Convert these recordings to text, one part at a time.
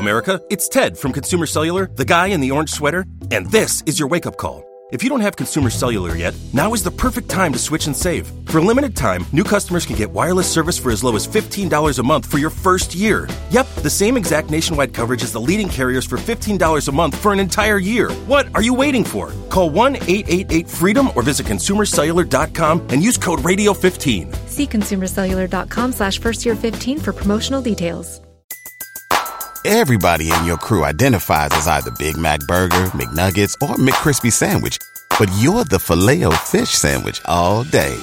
America. It's Ted from Consumer Cellular, the guy in the orange sweater, and this is your wake up call. If you don't have Consumer Cellular yet, now is the perfect time to switch and save. For a limited time, new customers can get wireless service for as low as $15 a month for your first year. Yep, the same exact nationwide coverage as the leading carriers for $15 a month for an entire year. What are you waiting for? Call 1 888 freedom or visit consumercellular.com and use code radio15. See consumercellular.com slash first year 15 for promotional details. Everybody in your crew identifies as either Big Mac Burger, McNuggets, or McCrispy Sandwich. But you're the filet fish Sandwich all day.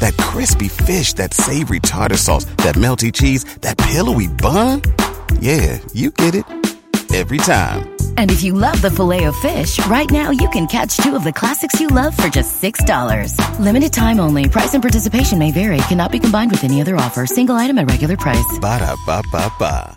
That crispy fish, that savory tartar sauce, that melty cheese, that pillowy bun. Yeah, you get it. Every time. And if you love the filet of fish, right now you can catch two of the classics you love for just $6. Limited time only. Price and participation may vary. Cannot be combined with any other offer. Single item at regular price. Ba-da-ba-ba-ba.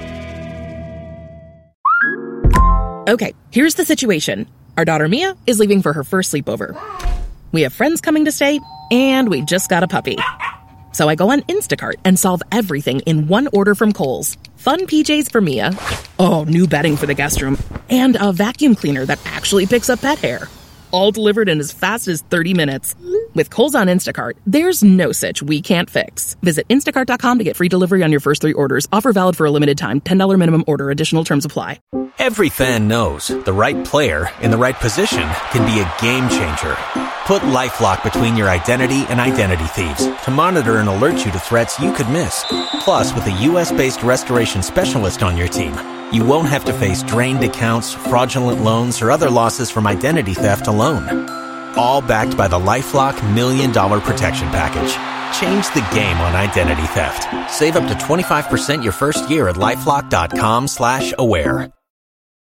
Okay, here's the situation. Our daughter Mia is leaving for her first sleepover. We have friends coming to stay, and we just got a puppy. So I go on Instacart and solve everything in one order from Kohl's. Fun PJs for Mia. Oh, new bedding for the guest room. And a vacuum cleaner that actually picks up pet hair all delivered in as fast as 30 minutes. With Kohl's on Instacart, there's no such we can't fix. Visit instacart.com to get free delivery on your first three orders. Offer valid for a limited time. $10 minimum order. Additional terms apply. Every fan knows the right player in the right position can be a game changer. Put LifeLock between your identity and identity thieves to monitor and alert you to threats you could miss. Plus, with a U.S.-based restoration specialist on your team, you won't have to face drained accounts, fraudulent loans, or other losses from identity theft alone. All backed by the LifeLock Million Dollar Protection Package. Change the game on identity theft. Save up to 25% your first year at LifeLock.com slash aware.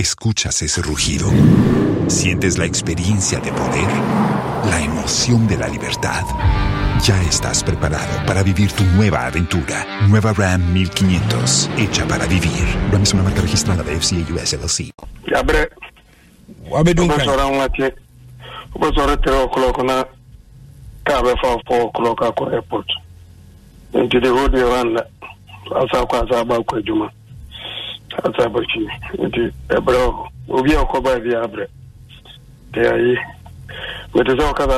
Escuchas ese rugido. Sientes la experiencia de poder, la emoción de la libertad. Ya estás preparado para vivir tu nueva aventura. Nueva Ram 1500, hecha para vivir. Ram es una marca registrada de FCA US LLC. Ya, abre. ¿Qué dunka. Obe ¿Qué nwache. Obe ¿Qué tere o'clock ¿Qué kabe fa 4 o'clock akwa airport. Nti de ¿Qué your hand. asa bɔtwi nti ɛbrɛ obi a ɔkɔbaa bi abrɛ nti ayi mete sɛ ɔkasa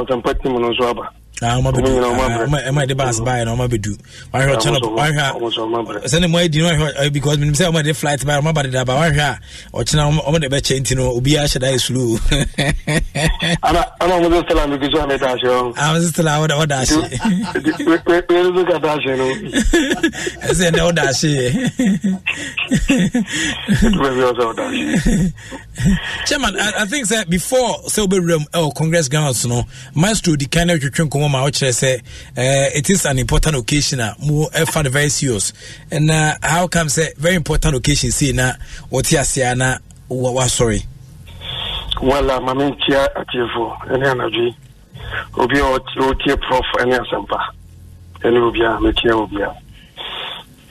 asɛmpa tim no nso aba na ọma bɛ du ɛma de bus buy na ɔma bɛ du wahwɛ ɔkyɛn wahwɛ sani mo edi wahwɛ because minim sɛ ɔma de flight buy ɔma ba de daba wahwɛ a ɔkyɛn ɔma de bɛ kyɛ nti no obi ahyɛ da yɛ sulu. ana ana ɔmo sɛ stella mi kisɛ ɔmo da ahyɛ ɔmo. a ɔmo sɛ stella ɔda ɔda ahyɛ. wɛrɛ bɛ ka da ahyɛ no. ɛsɛ ɛnɛ ɔda ahyɛ yɛ chairman i, I think sɛ before sɛ wobɛwuram ɛwɔ congress grounds no maestro di kan na wotwetwe nkɔmmɔ ma wokyerɛ sɛ it is an important occasion a mo ɛfa no very serious na uh, how come say, very important occasion sei na wɔte aseɛ na wasɔre wala ma mentia atiefoɔ ɛne anadwo obi a ɔtie prof ɛne asɛmpa ɛne obia Obi. Ah, obia ah.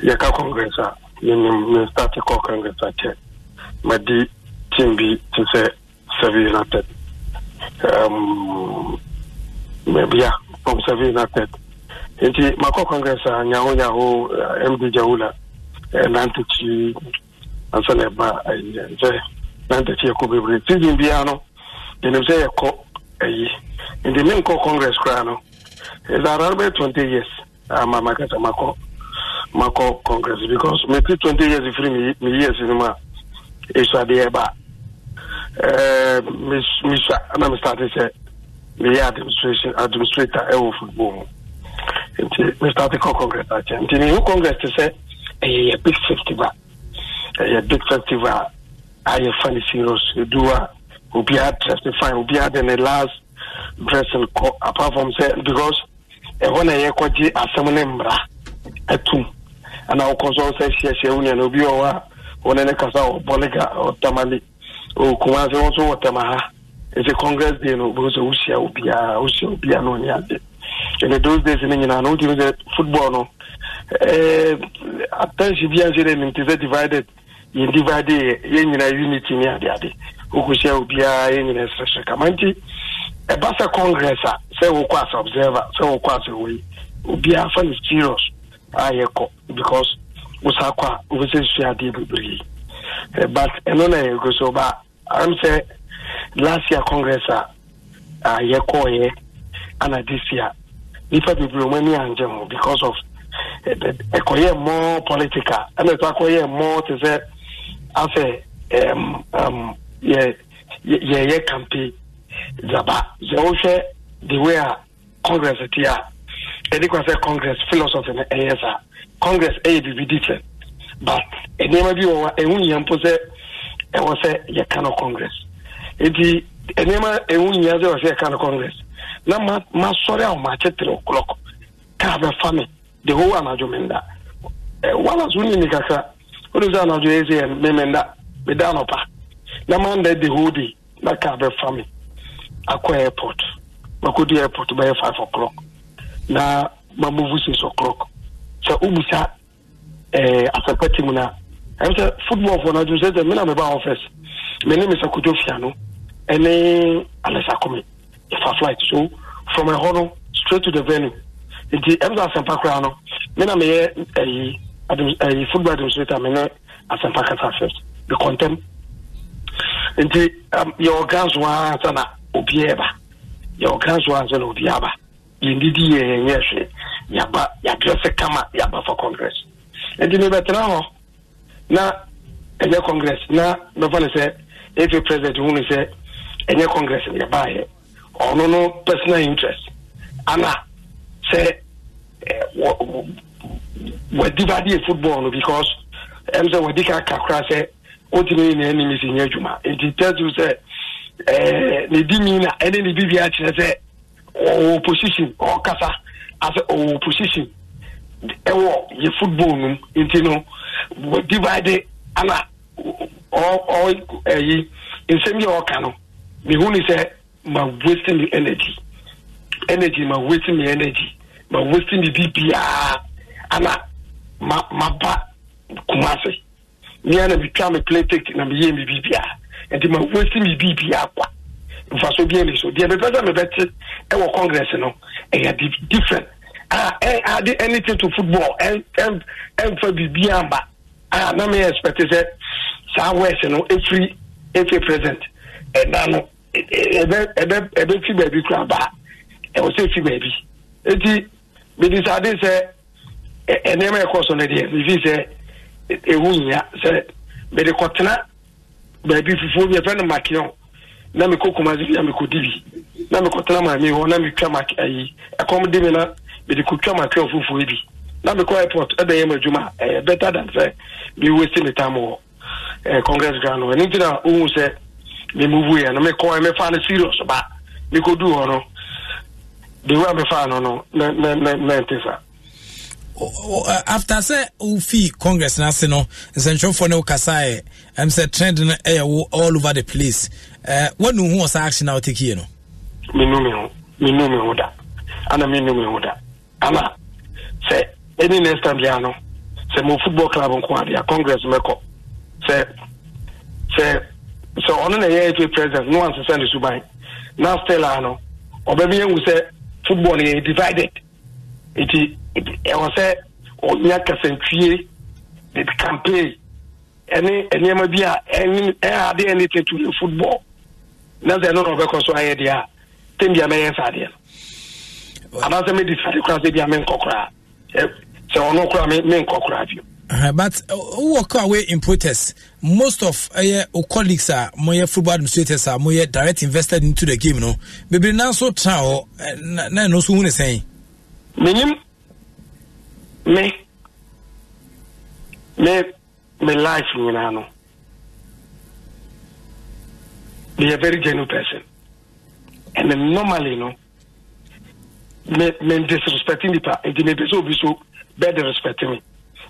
yɛka congress a menim me starte call congress akyɛ ah, madi team bi te sɛ seven united um, bia from seven united nti makɔ congress a nyaho md jawula nantakyi ansa na ɛba sɛ nantakyi yɛkɔ bebree season biara no yɛnim sɛ yɛkɔ ayi nti menkɔ congress koraa no ɛsarare eh, bɛyɛ twenty years ama makasa makɔ makɔ congress because meti 20 years firi me years no mu a ɛsuadeɛ ɛbaa misa na mestarte sɛ meyɛ administration administrator ɛwɔ football mu nti mestarte kɔ congress akyɛ nti mehu congress te sɛ ɛyɛ yɛ big festival ɛyɛ big festival a yɛfa no serious ɛdu a obiaa dress ne fine obiaa de ne last dressing kɔ apart from sɛ because ɛhɔ na yɛkɔgye asɛm ne mmara atum ana wokɔ so wo sɛ hyiahyia wo nuana obi wɔ hɔ a wɔne ne kasa ɔbɔlega ɔtamale kumase wo nso wɔtɛm ha ɛsɛ congress day no wobɛhu sɛ wohyia wo biaa wohyia wo biaa na ɔni ade ɛne those days no nyinaa no wotumi sɛ football no e, attention bia nhyɛ dɛ nimti sɛ divided yɛn divide yɛn nyinaa unity ne ade ade wokohyia wo biaa yɛn nyinaa ɛsrɛsrɛ kama nti ɛba e sɛ congress a sɛ wokɔ as observer sɛ wokɔ as wei obiaa fa no serious a yɛkɔ because wosa kɔ a wobɛsɛ sua adeɛ bebree Eh, but ɛno eh, na yɛgu eh, so ba am sɛ last year congress a ah, uh, ah, yɛkɔɔyɛ ana ah, this year nipa bebree wɔn ani angye ho because of ɛkɔyɛ more political ɛna ɛtɔ akɔyɛ more te sɛ afɛ um, um, yɛ yɛyɛ campaign zaba sɛ wohwɛ the way a congress ti a ɛde kwa sɛ congress philosophy no ɛyɛ saa congress ɛyɛ biribi different but nneɛma bi wɔ hɔ a ɛho mpo sɛ ɛwɔ sɛ yɛka no congress nti nneɛma ɛho nyia sɛ ɛwɔ sɛ yɛka no congress na ma ma sɔre a ɔmo akyɛ three o'clock kaa bɛfa mi the whole anadwo mi nda ɛ wala so ni kakra o de sɛ anadwo yɛ sɛ yɛ mi mi nda mi da anɔpa na ma nda the whole day na kaa bɛfa mi akɔ airport makɔ di airport bɛyɛ five o'clock na ma move six o'clock sɛ o busa. asɛpɛ team no a ɛm e sɛ football foɔ no adwene sɛ sɛ me na meba office me ne mesa kodo fia no ɛne alesa kome yɛfa flight so from ɛhɔ no straight to the venue nti ɛm e sɛ asɛmpa koraa no me na meyɛ ayi ayi football administrator me ne asɛmpa kasa first me contem nti yɛwɔ grants ho ansa na obiaa ba yɛwɔ grants ho ansa na obiaa ba yɛndidi yɛ yɛnyɛ hwee yɛaba yɛadrɛse kama yɛaba fa congress nti mebɛtena hɔ na ɛnyɛ congress na bɛfa no sɛ ɛfi president hunu sɛ ɛnyɛ congress ne yɛbaayɛ ɔno no personal interest ana sɛ wadivadeɛ football no because ɛm sɛ wadi ka kakora sɛ wotumi ne animi si nyɛ adwuma nti tɛso sɛ ne di mi na ɛne ne bibia kyerɛ sɛ ɔwɔ position ɔkasa asɛ ɔwɔ position ɛwɔ yɛ football nom nti no divide ana ɔyi nsɛm yɛ ɔka no mehu ne sɛ ma waste mi energy energy ma waste mi energy ma waste me bibiaa ana ma maba kumase mea na metwa play take na meyɛ me bibiaa nti ma waste me bibiaa kwa mfaso biani so deɛ mepɛ sɛ mebɛte ɛwɔ congress no ɛyɛ different a ah, ẹ eh, adi ah, anything to football and and and ẹ nfa biribi aba a ah, na me expect sẹ saa west no efiri eh, efi eh, present and ẹda no ẹbẹ ẹbẹ ẹbẹ fi baabi kura ba ẹwọ sẹ fi baabi eti mi disade sẹ ẹ ẹ nneɛma ɛkɔ so no deɛ mi fi sɛ ehu nya sɛ mede kɔtena baabi fufuo bi ɛfɛ no makion na mekɔ kumase bi a mekɔdi bi na mekɔtena maame hɔ na metwa maki ayi ɛkɔm de mi na mede kɔtwa matrɛ foforɔ bi na mekɔ airport ɛbɛyɛ ma adwuma a ɛyɛ better than sɛ meweste me time wɔ congress ground hɔ ɛno nti na wohu sɛ memuvuiɛ no mekɔɛ mefa no serious ba mekɔduu hɔ no dewa mefaa no no nante saa after sɛ wofii congress no ase no nsɛntwerɛfoɔ ne wokasaeɛ ɛm sɛ trend no ɛyɛ wo all over the place woanu hu wɔ saa action a wotɛkie no menu me ho menu me ho da ana menu me ho da ama sɛ ɛni next time bia no sɛ mo football club nko adeɛ congress mɛkɔ sɛ sɛ sɛ ɔno na ɛyɛ afa president no ansesa ne suban na still a no ɔbɛbi ehu sɛ football no yɛ divided nti ɛwɔ sɛ ɔnya kasantwie the campaign ɛne nneɛma bi a ɛne ɛyɛ adeɛ ne tɛtu ne football na sɛ ɛno na ɔbɛkɔ so ayɛ deɛ a tɛm bia mɛyɛ nsa adeɛ no anaasɛ medi sade koraa sɛ bia menkɔ koraa sɛ ɔno koraa menkɔ koraa bio Uh, but wowɔ kɔ away in protest most of ɛyɛ uh, uh, colleagues a moyɛ football administrators a moyɛ direct invested into the game uh, no bebree na nso tena hɔ na ɛno nso hu is saying. Me, me me me life me nyinaa no a very genuine person and normally no me me disrespect nipa nti me pese obi so bɛ disrespect me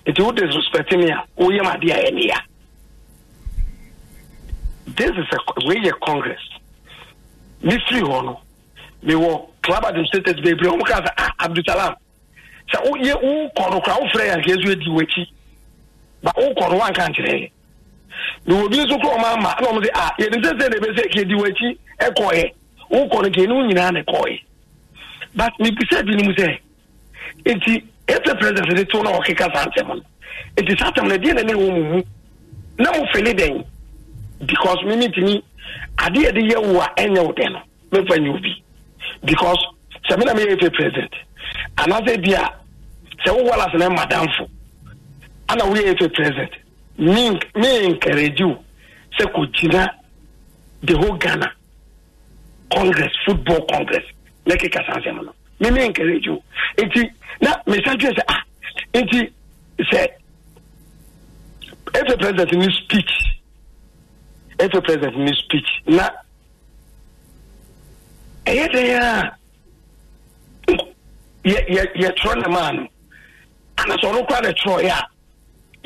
nti wo disrespect me a woyɛ mu adeɛ a ɛne a this is a weyɛ congress me firi hɔ no mewɔ club administrators bebree ɔmo kaa sɛ ah abdulsalam sɛ woyɛ wokɔ no koraa wofrɛ yɛ anka ɛso adi w'akyi ba wokɔ no woanka nkyerɛ yɛ mewɔ bi nso korɔ ɔma ama na ɔmo sɛ ah yɛnim sɛ sɛ na ɛbɛsɛ ɛka ɛdi w'akyi ɛkɔɔyɛ wokɔ no ka ɛne wo nyinaa na ɛkɔɔyɛ e but mebisa bi no mu sɛ nti ɛsɛ president de to na ɔkeka saa asɛm no nti saa asɛm no ɛdeɛ na ne wɔ mu mu na mofele dɛn because me metumi adeɛ de yɛ wo a ɛnyɛ wo dɛ no memfa nyɛ obi because sɛ me na meyɛ ɛfɛ president anaasɛ bi a sɛ wo walas na madamfo ana woyɛ ɛfɛ president meenkarage wo sɛ kɔgyina the whole ghana congress football congress na ɛkeka saa asɛm no meme encourage o nti na mesa dwene sɛ ah nti sɛ ɛfɛ president ne speech ɛfɛ president ne speech na ɛyɛ dɛn a yɛtwerɛ ne maa no anasɛ ɔno koraa ne twerɛeɛ a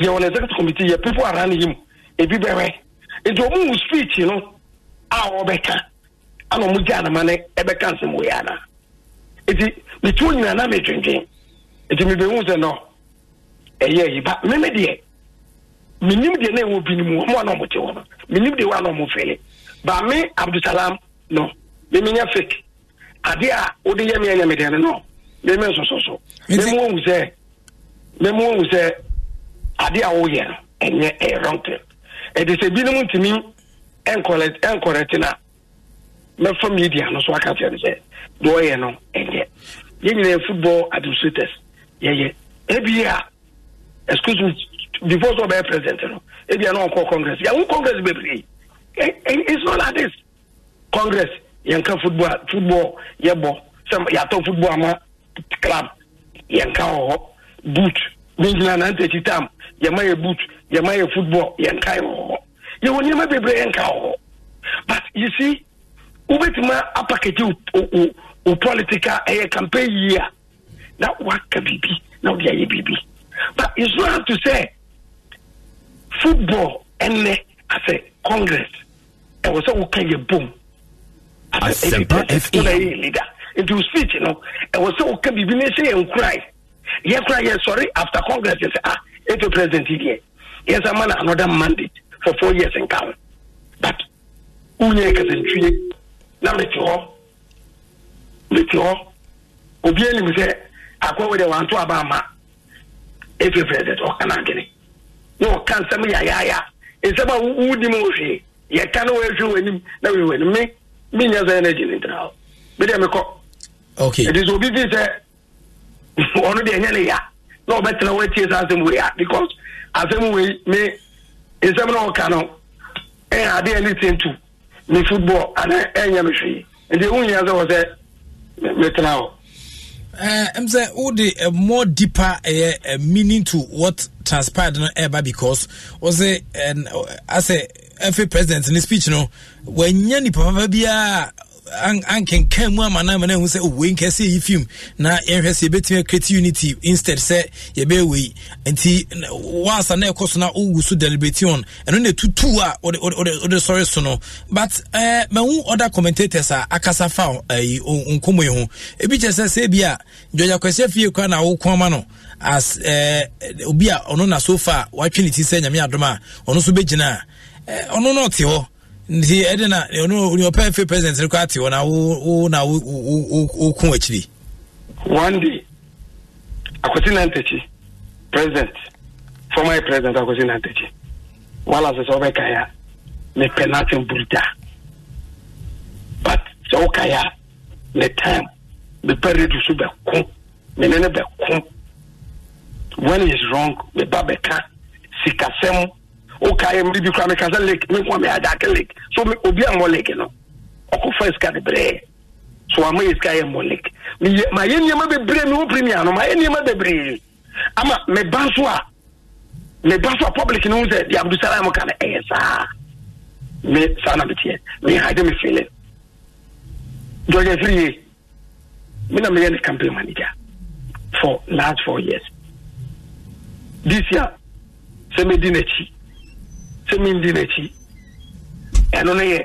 yɛwɔ ne executive committee yɛ people around him ebi bɛwɛ nti ɔmo wu speech no a ɔbɛka ana ɔmo gya anama ne ɛbɛka e nsɛm wɔ yi ana eti metu nyina na metwentwen eti mebehu sɛ no ɛyɛ e yi ba meme deɛ menim deɛ na ɛwɔ bi no mu ɔmo a na ɔmo te hɔ no menim deɛ wɔ a na ɔmo fɛle ba me abdusalam no memenya fake adeɛ a wode yɛ meɛnyɛ me deɛ no no meme nsososo meme wɔhu sɛ meme wɔhu sɛ adeɛ a woyɛ no ɛnyɛ ɛyɛ wrong thing ɛde sɛ binom ntumi ɛnkɔrɛte no a mɛfa media no so aka kyerɛ no sɛ deɛ ɔyɛ no ɛnyɛ yɛn nyinaa yɛ football administrators yɛyɛ ebi a excuse me before sɛ ɔbɛyɛ president no ebi a na ɔkɔ congress yɛn congress bebree it's not like this congress yɛn ka football football yɛ bɔ sɛ yɛatɔ football ama club yɛn ka wɔ hɔ boot ne nyinaa nan tɛ ti tam yɛn ma yɛ boot yɛn ma yɛ football yɛn ka wɔ hɔ yɛn wɔ nneɛma bebree yɛn ka wɔ hɔ but you see. wobɛtumi apakage wo political ɛyɛ campaign yie a na woaka biribi na wode ayɛ biribi but it's to say football ɛnɛ asɛ congress ɛwɔ sɛ woka yɛ bom asɛmpa leader nti wo speech no ɛwɔ sɛ woka biribi ne sɛ yɛ nkorae yɛkora yɛsɔre after congress yɛ sɛ ah president yi deɛ yɛsa ma no another mandate for four years nka ho but wonyɛ kasantwie na mete hɔ mete hɔ obi anim sɛ akɔ wɔ deɛ wanto aba ama efirefirɛ sɛ ɔka nankene na ɔka nsɛm yayaaya nsɛm a wodi mu hwee yɛka no wɔahwɛ w'anim na wei w'anim me menyɛ sɛ energy no ntena hɔ medeɛ mekɔ okay ɛdi sɛ obi fi sɛ ɔno deɛ ɛnyɛ ne ya na ɔbɛtena wɔatie saa asɛm wei a because asɛm wei me nsɛm na ɔka no ɛyɛ adeɛ ne sɛntu me football ana ɛnyɛ me hwee nti wonya sɛ wɔ sɛ metena hɔ I'm saying, oh, a more deeper uh, meaning to what transpired no ɛba because was it and as a every president in his speech no when yani papa bia a mu ama na ma na ehu sɛ owei oh, nkɛse yi fim na yɛhwɛ sɛ yɛbɛtumi akreti unity instead sɛ yɛbɛɛwɔ yi nti waasa na ɛkɔ so na owu so deliberation ɛno na etutu a ɔde ɔde ɔde sɔre so no but ɛɛ mɛhu ɔda commentators akasa fa ɛyi eh, nkɔmɔ yi ho ebi kyerɛ sɛ sɛ a jɔja kwasi na ama no as ɛɛ eh, obi a ɔno na so far ne ti sɛ nyame adoma ɔno nti ɛde na ɔno nea ɔpɛ fe president no koraa te hɔ na wo na woku akyiri one day akwasi nantakyi president former president akwasi nantakyi wala sɛ sɛ wobɛka yɛ a mepɛ noatem burda but sɛ woka yɛ a ne time mepɛ radio so bɛko mene ne bɛko when is wrong meba bɛka sikasɛm wokae mmere bi kora meka sɛ lake menkwa meadake lake so obi ammɔ lake no ɔkɔfa sika de berɛɛ so ama yɛ sika yɛ mmɔ lake mayɛ nneɛma bebree mewo premier no mayɛ nneɛma bebree ama meba so a meba so e e a e public no hu sɛ de abdusalam ka no ɛyɛ saa me eh, saa na meteɛ mehade me feeling george afiri ye me na meyɛ ne campaign manager for last four years this year sɛ medi n'akyi sɛ mendi n'akyi ɛno no yɛ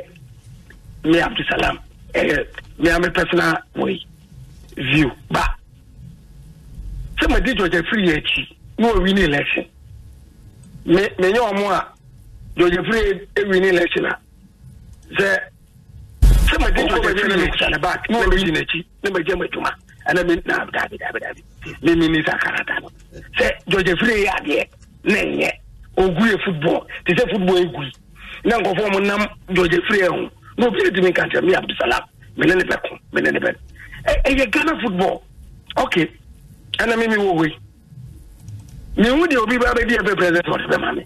me abdusalam ɛyɛ e, mea me personal wei view ba sɛ madi george afiri yɛ akyi na ɔwi ne election menyɛ ɔmo a george afiri ɛwi e ne election a sɛ sɛ madi george afiri yɛ akyi na back na mɛdi n'akyi na mɛgya m'adwuma ɛna me na dabi dabi dabi me mini sa karata sɛ george afiri yɛ adeɛ na ɛnyɛ ogui football te sɛ football egui na nkɔfɔ mo nam george frey ho na obi ne tumi kankyɛ mi abdusalam mene ne bɛko mene ne bɛko e, ɛyɛ ghana football okay ɛna mi mi wɔ hɔ yi mehu deɛ obi baa bɛdi ɛbɛ e president wɔde bɛma me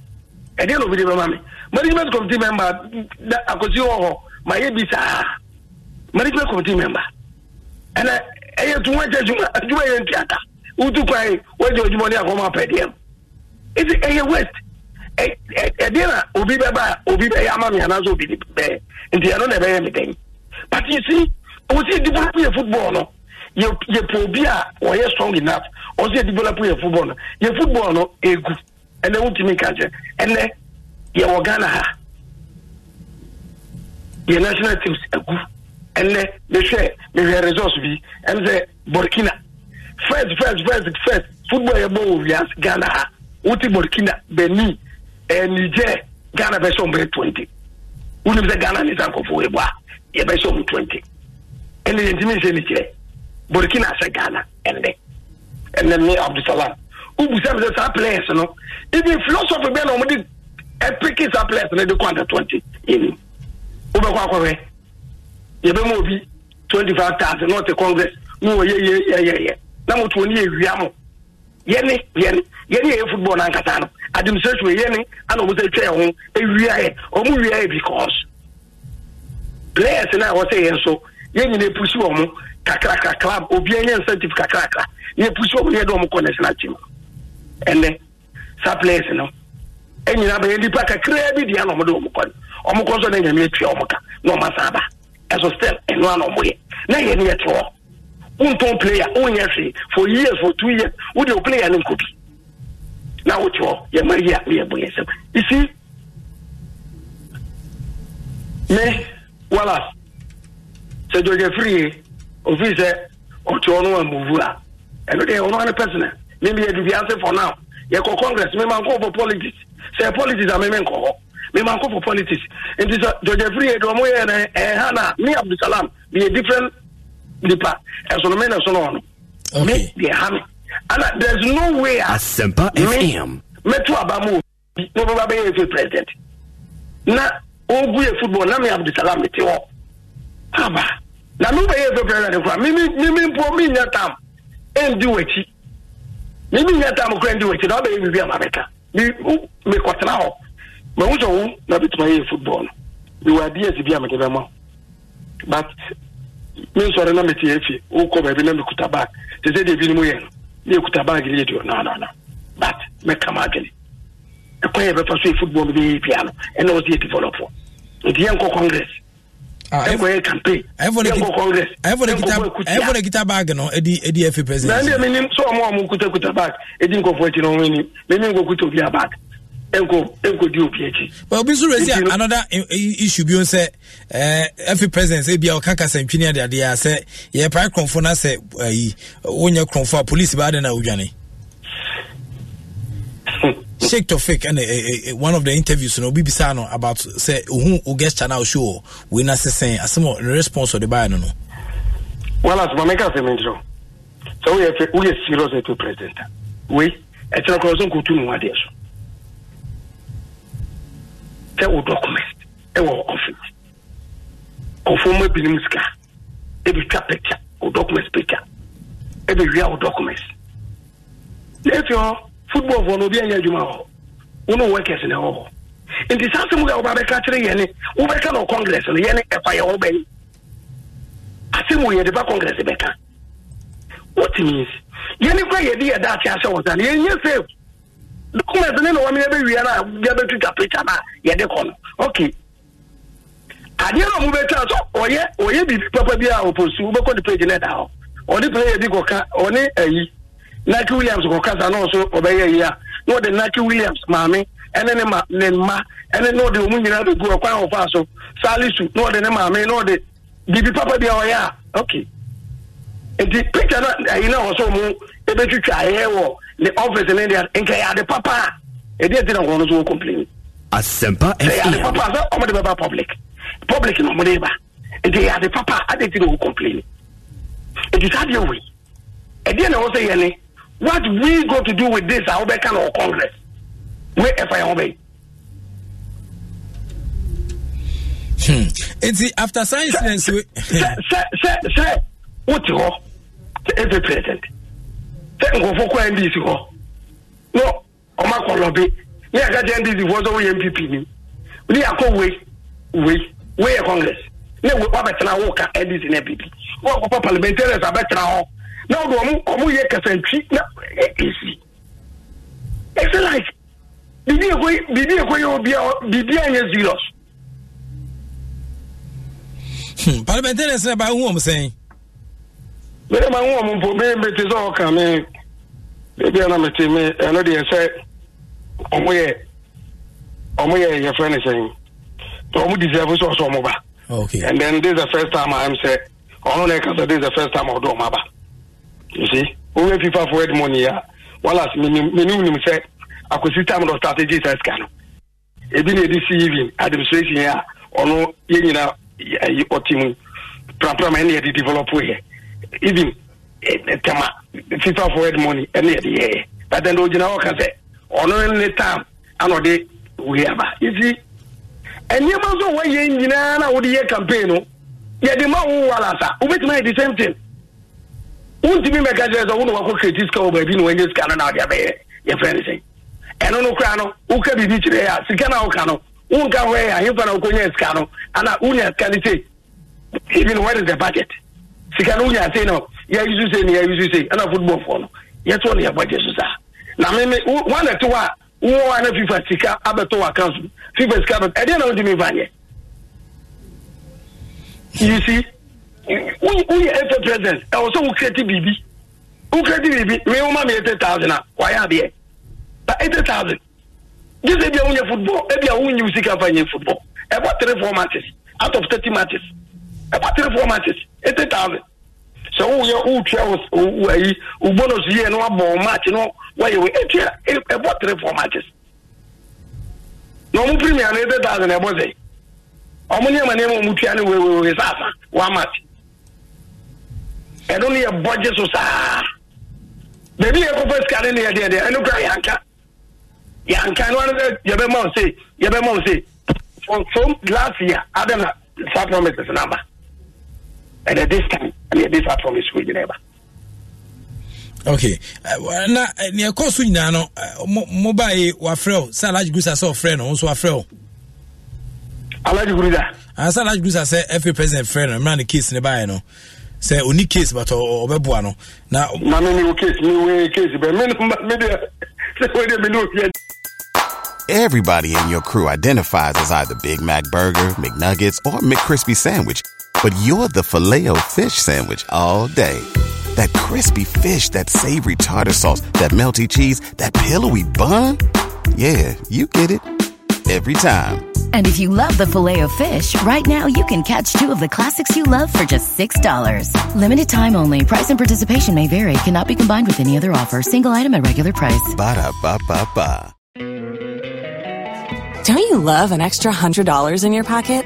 ɛdeɛ na obi de bɛma me management committee member da akosi wɔ hɔ ma yɛ bi saa management committee member ɛna e ɛyɛ tuma kyɛ adwuma adwuma yɛ ntuata wotu kwan wɔgye adwuma ne akɔma pɛ deɛ mu ɛsɛ ɛyɛ west ɛdeɛ na obi bɛba a obi bɛyɛ ama me anaasɛ obi ni nti ɛno na ɛbɛyɛ me dɛn but you see wɔn sɛ develop yɛ football no yɛ yɛ po obi a wɔyɛ strong enough wɔn sɛ develop yɛ football no yɛ football no egu ɛnɛ wotumi ka kyɛ ɛnɛ yɛ wɔ ghana ha yɛ national teams egu ɛnɛ mehwɛ mehwɛ results bi ɛn sɛ burkina first first first first football yɛ bɔ wɔ wiase ghana ha wote burkina benin niger ghana bɛ sɛ ɔmbɛyɛ twenty wonim sɛ ghana ne sa nkɔfoɔ ɛbɔ a yɛbɛ sɛ ɔm twenty ɛne yɛntimi nsɛ niger burkina sɛ ghana ɛndɛ ɛnɛ me abdusalam wobusa me sɛ saa players no even philosophy bɛ na ɔmde ɛpeke saa players no de kɔ under twenty ɛnim wobɛkɔ akɔhwɛ yɛbɛma obi twenty five thousand na ɔte congress na wɔyɛ yɛyɛyɛ na motoɔ ne yɛwia mo yɛne yɛne yɛne yɛyɛ football no ankasa no administration yɛne ana ɔmo sɛ twa yɛn ho ewiaeɛ ɔmo wiaeɛ because players na a wɔsɛ yɛn so yɛn nyinaa epusi wɔn kakrakra club obiara yɛ incentive kakrakra yɛpusi wɔn yɛ de wɔn kɔ national team ɛnɛ sa players no ɛnyina e bɛyɛ nipa kakraa bi deɛ na ɔmo de wɔn kɔ no ɔmo kɔ nso na nyame atua ɔmo ka na ɔmo asan aba ɛso e still ɛnoa e na ɔmo yɛ na yɛne yɛ toɔ wontɔn player wonyɛ hwee for years for two years wode wo player no nkɔ bi na wote hɔ yɛma yi a ne yɛbɔ yɛ nsɛm isi me wala sɛ georgia firie ofii sɛ ɔte ɔ no ambuvu a ɛno deɛ ɔno ane personal memeyɛ dubiase for now yɛkɔ congress memankɔ for politics sɛ politics a memenkɔ hɔ memankɔ for politics nti sɛ georgia firie deɛ ɔmoyɛ no ɛha no a me abdusalam meyɛ different nipa ɛso no me na so no ɔno me deɛ ha me ana there's no way a asɛmpa fm mɛto aba mu obi na bɛyɛ efe president na ogu yɛ football na me abdulsalam me hɔ aba na me bɛyɛ efe president kora mimi mpo mi tam ɛndi w'akyi mimi nya tam kora ɛndi w'akyi na ɔbɛyɛ bibi ama bɛka mi hɔ mɛ wo na bi yɛ football no mi adeɛ si bi a mi kɛ but mi nsɔre na mi ti efi wokɔ baabi na mi kuta bag, te sɛ deɛ binom yɛ no ne ekuta baag ne yɛ deɛ no no no but mɛ kama adwene ɛkwan yɛ bɛfa so yɛ football no bɛyɛ pia no ɛna wɔsi yɛ develop nti yɛn kɔ congress ah, yɛn kɔ yɛ campaign yɛn kɔ congress yɛn kɔ kɔ ekutia ɛfɔ kita baag no edi edi efi president. na ndeyɛ mi nim so ɔmo a kuta kuta baag edi nkɔfɔ ekyi na ɔmo nim mi mi nkɔ kuta obi a baag nkɔ nkɔ di obi akyi. well obi nso resi another issue bi sɛ ɛɛ eh, efi president ebi a ɔka kasantwi ni adeade a sɛ yɛ pa kurɔnfo na sɛ ayi wonyɛ kurɔnfo a polisi ba adan na odwane. Sheikh Tofik and uh, eh, uh, eh, one of the interviews no obi bisa no about say ohun oges channel show we na say sesen asemo response of the buyer no no. Well as Mameka say mention. So we are we are serious to president. We e tell ko so ko tunu wa sɛ wo document ɛwɔ office ɔfoɔ mu ebinom sika ebi twa picture wo document picture ebi wia wo document na efi hɔ football fɔ no obi anya adwuma hɔ wo no workers na ɛwɔ hɔ nti saa asɛm a wɔba bɛka kyerɛ yɛn ne wobɛka no congress no yɛn ɛfa yɛ wɔ bɛyi asɛm wɔ yɛde ba congress bɛka what means yɛn ne kura yɛde yɛ daate ahyɛ wɔ sa no yɛnyɛ safe document ne na wɔn yɛ bɛ wia na yɛ bɛ twitwa picture na yɛde kɔ no okay adeɛ na ɔmo bɛ twɛ so ɔyɛ ɔyɛ bibi papa bi a ɔpɔsi wobɛkɔ ne page na da hɔ ɔne player bi kɔka ɔne ayi naki williams kɔkasa na ɔso ɔbɛyɛ yi a na ɔde naki williams maame ɛne ne ma ne mma ɛne na ɔde ɔmo nyinaa bɛ gu ɔkwan ɔfa so salisu na ɔde ne maame na ɔde bibi papa bi a ɔyɛ a okay nti picture na ayi na ɔso ɔmo ebɛtwitwa ayɛ wɔ ne office ne deɛ nka yɛ ade papa a ɛdeɛ di na wɔn nso wɔ complain. asɛmpa fm yɛ ade papa sɛ ɔmo de bɛba public public na ɔmo de ba nti yɛ ade papa a adeɛ di na wɔ complain nti saa deɛ wɔ yi ɛdeɛ na wɔsɛ yɛ ne what we go to do with this a wɔbɛka na wɔ congress wey ɛfa yɛn ho bɛyi. Hmm. E nti after science nɛ nsuwe. sɛ sɛ sɛ sɛ wote hɔ sɛ every president sɛ nkurɔfoɔ kɔ ndc hɔ na ɔma kɔlɔbe ne yɛka kyɛ ndc foɔ sɛ woyɛ npp ni ne yɛakɔ wei wei wei yɛ congress na wei wabɛtena woka ndc ne npp wɔkɔpɔ parliamentarians abɛtena hɔ na wode ɔmo ɔmo yɛ kasantwi na ɛsi ɛsɛ like bibi ɛkɔ bibi ɛkɔ yɛ obia biribi anyɛ serious hmm, parliamentarians ne ba hu ɔm sɛn mede ma hu ɔm mpo bɛyɛ mbɛte sɛ ɔka me ebi a na mete me ɛno deɛ sɛ ɔmo yɛ ɔmo yɛ yɛfrɛ ne sɛn nti ɔmo deserve sɛ ɔsɛ ɔmo ba okay. and then this the first time am sɛ ɔno na ɛka sɛ this the first time ɔde ɔmo aba you see wowɛ fifa for ɛde mɔni a walas menim nim sɛ akwasi time dɔ start gye sɛ sika ebi na yɛde si even administration a ɔno yɛn nyinaa ɔte mu prapra ma ɛne yɛde develop yɛ even Eh, eh, tɛma fisa for head money ɛne eh, yɛde yɛɛ but ɛnna ogyina hɔ ka sɛ ɔno ne tam ana ɔde wei aba nti nneɛma nso wɔyɛ nyinaa na wode yɛ campaign no yɛde ma wo walasa wobɛtumi ayɛ the same thing wontumi mɛka kyerɛ sɛ wo na wakɔ kreti sika wɔ baabi na wanyɛ sika no na wode abɛyɛ yɛfrɛ ne sɛn ɛno no koraa no woka biribi kyerɛ ɛ a sika no a woka no wonka hɔ ɛ ahemfa na wokɔnya sika no ana wonya sika no sei even what is the budget sika no wonya sei no yɛyusu se ne yɛyusu se ɛna football foɔ no yɛtɔ ne yɛbɔgye so saa na meme wane te hɔ a wowɔ a na fifa sika abɛtɔ wɔ account fifa sika abɛtɔ ɛdeɛ na wotumi fa nyɛ you see woyɛ ɛfɛ president ɛwɔ sɛ wokreti biribi wokreti biribi me woma me eighty thousand a wayɛ adeɛ ba eighty thousand gye sɛ ebia wonyɛ football ebia wonyiw sika fa nyɛ football ɛbɔ three four matches out of thirty matches ɛbɔ three four matches eighty thousand sɛ woyɛ wotua ayi wo bonus yie no wabɔ wo match no wayɛ we ɛti a ɛbɔ three four matches na ɔmo premier no eighty thousand ɛbɔ sɛ ɔmo nneɛma nneɛma ɔmo tua no wewewe saasa one match ɛno no yɛ bɔgye so saa baabi yɛ kɔfɔ sika no ne yɛ deɛ ɛno kura yanka yanka no ano sɛ yɛbɛma wo se yɛbɛma wo se from last year adam na sa promises na ba. and at this time and at this platform is really never okay uh, na eh, nea ɛkɔ so nyinaa no eh, mobae wafrɛ wo sɛ alage grusa sɛ no wo nso wafrɛ wo alage grusa ah, sɛ alage grusa fa president frɛ no mmra no case ne baeɛ no sɛ ɔni case but ɔbɛboa no na na mene wo case mewe case bɛ medeɛ sɛ wede mene ofia Everybody in your crew identifies as either Big Mac Burger, McNuggets, or Mc McCrispy Sandwich but you're the filet fish sandwich all day. That crispy fish, that savory tartar sauce, that melty cheese, that pillowy bun. Yeah, you get it every time. And if you love the filet of fish, right now you can catch two of the classics you love for just $6. Limited time only. Price and participation may vary. Cannot be combined with any other offer. Single item at regular price. Ba da ba ba ba. Don't you love an extra $100 in your pocket?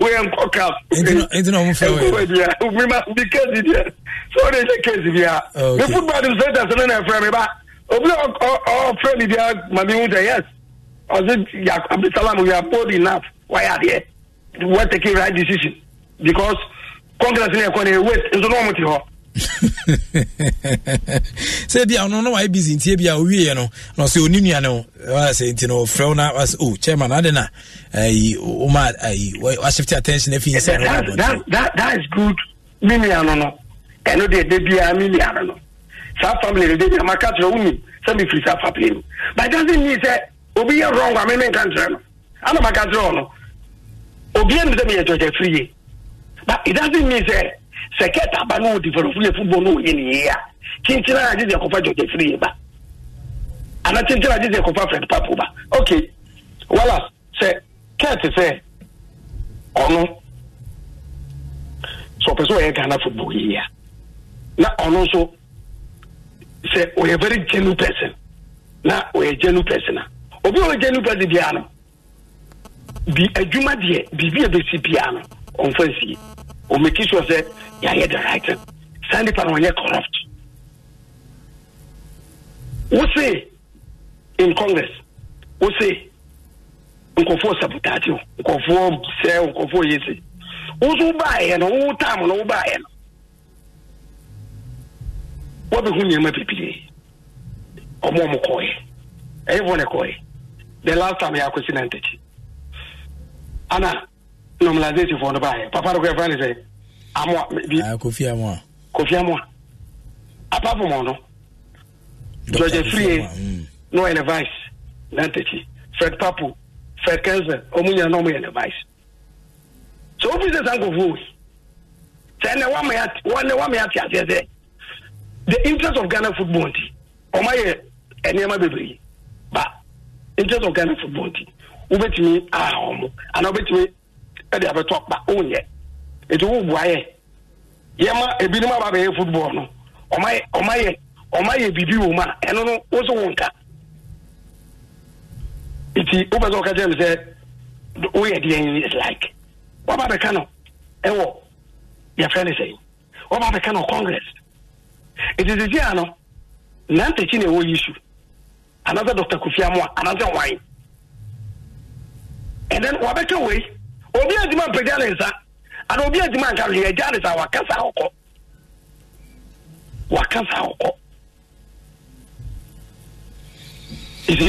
wɛnkɔ cap de case deɛ sɛ wode hyɛ case biaa me football administrator sɛ no na ɛfrɛ me ba obi ɔfrɛ me biaa ma mehu sɛ yes ɔse abdusalam we are bold enough wayɛ adeɛ wɔ take right decision because congress ne ɛkɔ ne wait nso na ɔmo te hɔ sɛ bia ɔno na wayɛ busy ntie bia ɔwieɛ no na ɔsɛ ɔni nua sɛ nti no ɔfrɛ wo na wasɛ o oh, chairman ade na woma washifte attention afi sɛ that is good me nua no no ɛno deɛ da biara me nua no no saa family no de nua maka kyerɛ wonim sɛ mefiri saa family no but doesn't mean sɛ obi yɛ wrong a me menka nkyerɛ no ana maka kyerɛ ɔ no obia nim sɛ meyɛ kyɔkyɛ firi ye but it doesn't mean sɛ sɛ kɛta aba na ɔde fɛrɛfu yɛ football na ɔyɛ ne yie a kyenkyere a gyezi ɛkɔfa jɔjɛ firi yɛ ba ana kyenkyere a gyezi ɛkɔfa fred papo ba ok wala sɛ kɛte sɛ ɔno sɛ ɔpɛ sɛ ɔyɛ ghana football yie a na ɔno nso sɛ ɔyɛ very genuine person na ɔyɛ genuine person a obi a ɔyɛ genuine person biara no bi adwuma deɛ biribi a bɛsi biara no ɔmfa nsie o make sure sɛ yɛayɛ the right thing saa nipa no ɔnyɛ corrupt wose in congress wose nkɔfoɔ sabotage o nkɔfoɔ sɛ nkɔfoɔ yɛse wo nso wobaayɛ no wo tam no wobaayɛ no wobɛhu nneɛma bebree ɔmo ɔmo kɔɔɛ ɛyɛfoɔ ne kɔɔɛ the last time yɛakɔsi nantakyi ana normalization fɔ ne b'a ye papa dɔ ko ɛfɛn e de sɛ amua bi ah, kofi amua kofi amua apart from ɔno jɔjɛ firi ye n'o yɛ ne vice n'antɛti fred papu fred kɛnsɛn o mu ɲɛna n'o mu yɛ ne vice so o fi sɛ e san ko fo o sɛ ne wa ma ya ne wa ma ya ti a sɛ sɛ the interest of ghana football ti o ma yɛ ɛnìyɛnma bebree ba interest of ghana football ti o bɛ tumi a ɔmo ana o bɛ tumi ɛde abɛtɔ akpa onyɛ nti wo bua yɛma ebinom aba abɛyɛ football no ɔma yɛ ɔma yɛ wɔ mu a ɛno no wo so wo nka wopɛ sɛ wɔka kyerɛ me sɛ woyɛ deɛ is like waba bɛka no ɛwɔ e yɛfrɛ ne sɛi waba bɛka no congress nti sesia no nantakyi na ɛwɔ yisu anaasɛ dr kofiamoa anaasɛ wan and e then wabɛka wei obi adwuma mpagya ne nsa ana obi adwuma nka no yɛgya ne sa wakasa akɔkɔ wakasa akɔkɔ ɛsi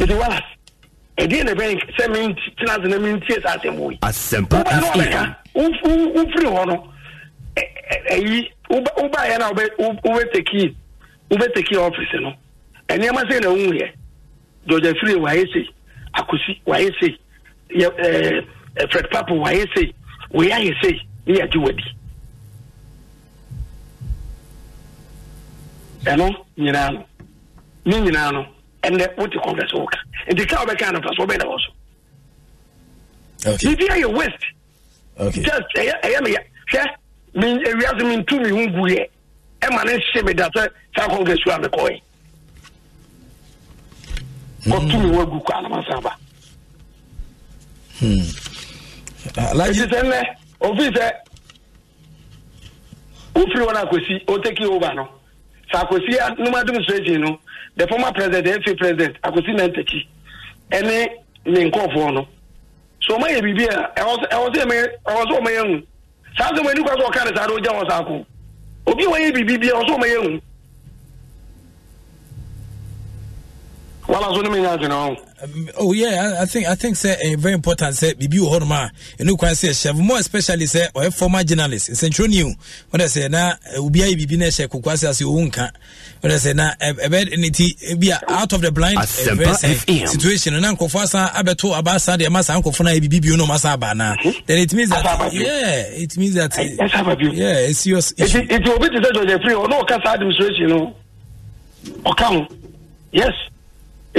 ɛsi walas ɛdeɛ na ɛbɛn sɛ mentena ase na mentie saa asɛm wɔ yi asɛmpa wobɛka wofiri hɔ no ɛyi wobaeɛ na wobɛteki wobɛteki ɔfise no ɛnneɛma sɛ na wowuyɛ georgia firi wayɛ sei akosi wayɛ sei Eh, fred papo wayɛ sei wei ayɛ sei ne yɛagye wadi ɛno nyinaa no ne nyinaa no ɛnɛ wote congress woka nti ka wobɛka no fa so wobɛda wɔ so biribi ayɛ west just ɛyɛ meyɛ hwɛ ewiase mentu me ho guyɛ ɛma ne hye me da sɛ saa congress a mekɔɛ kɔtu me ho agu kɔ anama sa ba hmm. Alaji sɛ nnɛ ofin sɛ wofiri wɔn akosi oteki over no sɛ akosi uh, no the former president efe president akosi nantakyi ɛne ne nkɔɔfoɔ no so ɔma yɛ biribi a ɛwɔ sɛ sɛ yɛ saa sɛ obi a wɔyɛ biribi bia ɛwɔ sɛ yɛ oh yeah, I, think I think say uh, eh, very important say bibi wɔ hɔnom a ɛno kwan sɛ more especially sɛ ɔyɛ former journalist nsɛntwerɛ ni o wɔdɛ sɛ na eh, obi ayɛ biribi na ɛhyɛ kokoa sɛ ase ɔwu nka wɔdɛ sɛ na ɛbɛ eh, ne ti bi out of the blind ɛfɛ situation na nkɔfoɔ asan abɛto aba asan deɛ ma saa nkɔfoɔ no ayɛ biribi bio na ɔma asan aba naa mhm. then it means that yeah it means that yeah it's serious issue. ètò obi ti sẹ́ jọ̀jẹ̀ free ọ̀nà ọ̀ka sáà administration no ọ̀ka yes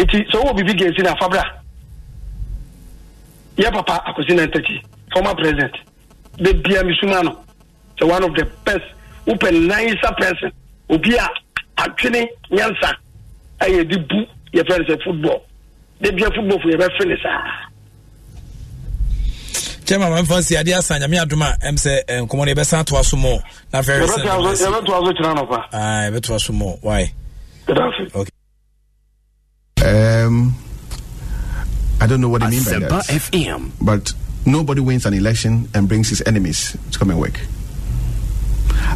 nti sɛ wowɔ biribi gansi no afabra yɛ papa akosi 930 former president bebia Bia no sɛ one of the best open nice person obi a atwene nyansa ayɛ de bu yɛfrɛ no sɛ football Bia football fo yɛbɛfe ne saa kyɛma mamfa si adeɛ asa nyame adom a ɛm sɛ eh, nkɔmmɔ no yɛbɛsa atoa so mɔ na fɛrɛyɛbɛtoa so kyerɛ nɔpa ah, yɛbɛtoa so mɔ wae okay. Um, I don't know what they mean by that. FM. But nobody wins an election and brings his enemies to come and work.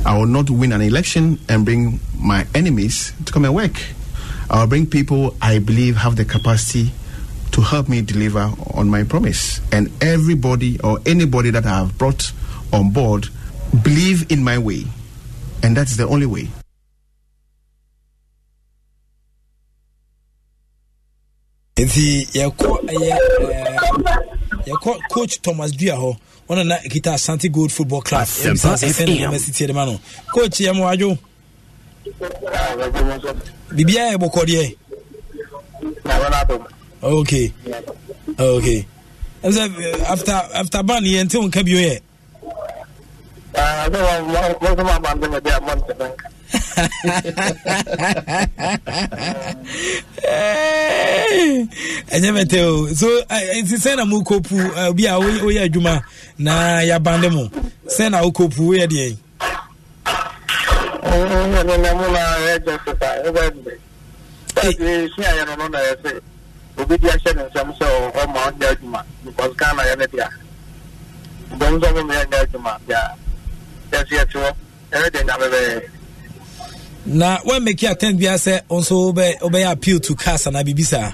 I will not win an election and bring my enemies to come and work. I'll bring people I believe have the capacity to help me deliver on my promise. And everybody or anybody that I have brought on board believe in my way. And that's the only way. nti yɛkɔ ɛyɛ yɛkɔ coach thomas dua hɔ ɔno na kita asante gold football club ɛbisasɛsɛ ne ɛmɛsi tiɛ de ma no coach yɛ mo adwo biribiaa yɛ bɔkɔdeɛ ok ok ɛm sɛ after after ban yɛnte wo nka bio yɛ ɛnyɛ mɛtɛ o so nti eh, eh, sɛn na mokɔpu eh, obi a woyɛ adwuma na yabande mo sɛn na wokɔpu woyɛ deɛ obi di ahyɛ ne nsɛm sɛ ɔma oh, ɔnyɛ adwuma because ghana yɛ ne dea dɔm sɛ ɔmomeyɛ nyɛ adwuma bia yɛsɛ yɛte hɔ ɛyɛ de nya bɛbɛɛ na wọn meki attempt bi asɛ nso wobɛ wobɛyɛ appeal to cars anaa biribi saa.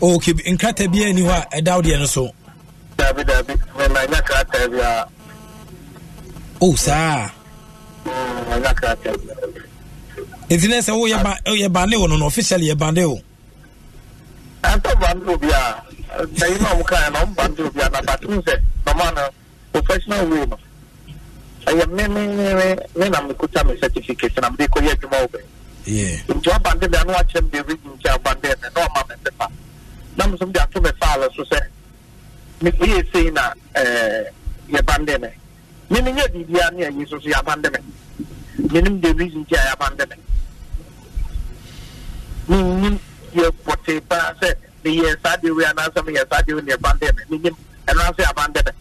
ok nkrataa bi ani hɔ a ɛda wo deɛ no so. dabi dabi mɛ nya krataa bi a. Oh, oh, oh, o saa. mɛ nya krataa bi a. nti ne sɛ woyɛ ba yɛ bande wo no no officially yɛ bande wo. ɛntɛ bande wo bi a ɛyi na ɔmo kaa yɛ na ɔmo bande wo bi a na batu sɛ na professional way no ɛyɛ me me me me na mekuta me certificate na mede kɔyɛ adwuma wɔ bɛn nti wabande bia na wakyerɛ me deɛ nti abande me na ɔma me pepa na mesom de ato me faale so sɛ meyɛ sei na yɛbande me me menyɛ biribia ne ayi so so yɛabande me menim de reason nti a yɛabande me menim yɛ pɔtee paa sɛ meyɛ saa deɛ wei anaasɛ meyɛ saa deɛ wei ne yɛbande me menyim ɛno ase yɛabande me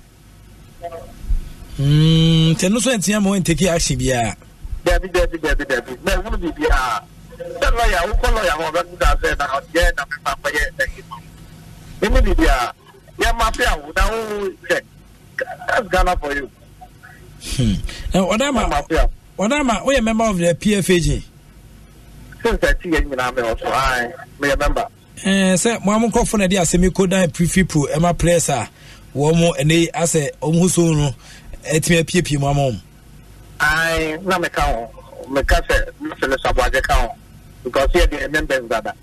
Mm, nti ɛno so ɛntia ma wɔntaki action biara dabi dabi dabi dabi na ɛhunu biribiaa sɛ lɔya wokɔ lɔya hɔ ɔbɛkuda sɛ na ɔdeɛ na mefa kɔyɛ ɛyi ma ɛmu biribiaa yɛma pe awo na wo sɛ that's ghana for you ɔdama hmm. ɔdama woyɛ member of the pfag since ɛti PFAG nyinaa mɛ wɔ so ae meyɛ member sɛ mo a mo nkurɔfoɔ na ɛde asɛm yi kɔ dan pre fipro ɛma players a wɔn mo ɛnɛ asɛ wɔn ho so no ɛtumi apiepie mu ama wɔn. ayi na mɛka ho mɛka sɛ mɛsɛ ne sabu agye ka ho because yɛ deɛ members dada.